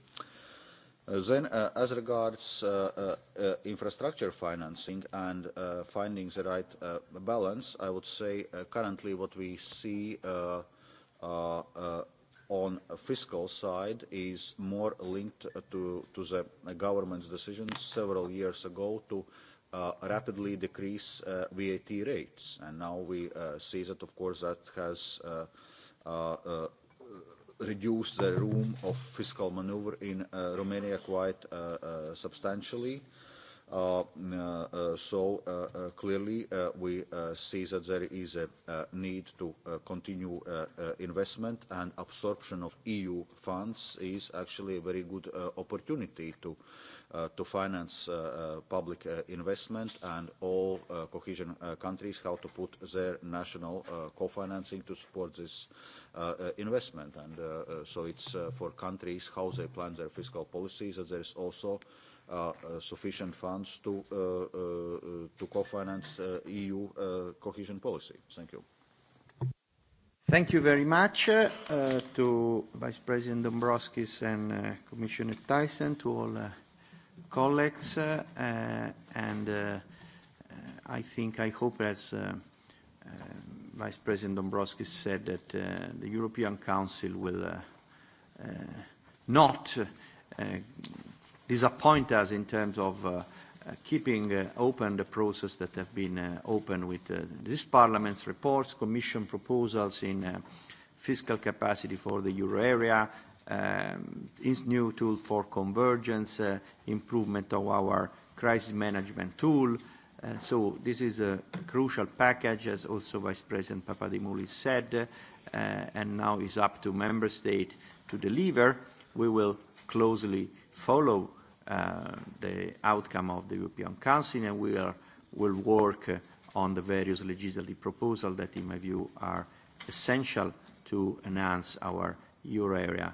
Uh, then, uh, as regards uh, uh, uh infrastructure financing and uh, finding the right uh, balance, I would say uh, currently what we see uh, uh, uh, on a fiscal side is more linked to, to the government's decision several years ago to uh, rapidly decrease uh, VAT rates. And now we uh, see that, of course, that has uh, uh, uh, reduced the room of fiscal maneuver in uh, Romania quite uh, uh, substantially. Uh, mm, uh, uh, so uh, uh, clearly uh, we uh, see that there is a uh, need to uh, continue uh, uh, investment and absorption of EU funds is actually a very good uh, opportunity to uh, to finance uh, uh, public uh, investment and all uh, cohesion uh, countries how to put their national uh, co-financing to support this uh, uh, uh, investment. And uh, uh, so it's uh, for countries how they plan their fiscal policies that there is also uh, uh, sufficient funds to, uh, uh, to co-finance uh, EU uh, cohesion policy. Thank you. Thank you very much uh, to Vice President Dombrovskis and uh, Commissioner Tyson, to all uh, colleagues, uh, uh and uh, uh, I think, I hope as uh, um, Vice President Dombrovskis said that uh, the European Council will uh, uh, not uh, disappoint us in terms of uh, uh, keeping uh, open the process that have been uh, open with uh, this Parliament's reports, Commission proposals in uh, fiscal capacity for the euro area, um, new tool for convergence, uh, improvement of our crisis management tool, Uh, so this is a crucial package, as also Vice President Papadimoulis said, uh, and now is up to Member State to deliver. We will closely follow uh, the outcome of the European Council, and we are, will work uh, on the various legislative proposals that, in my view, are essential to enhance our euro area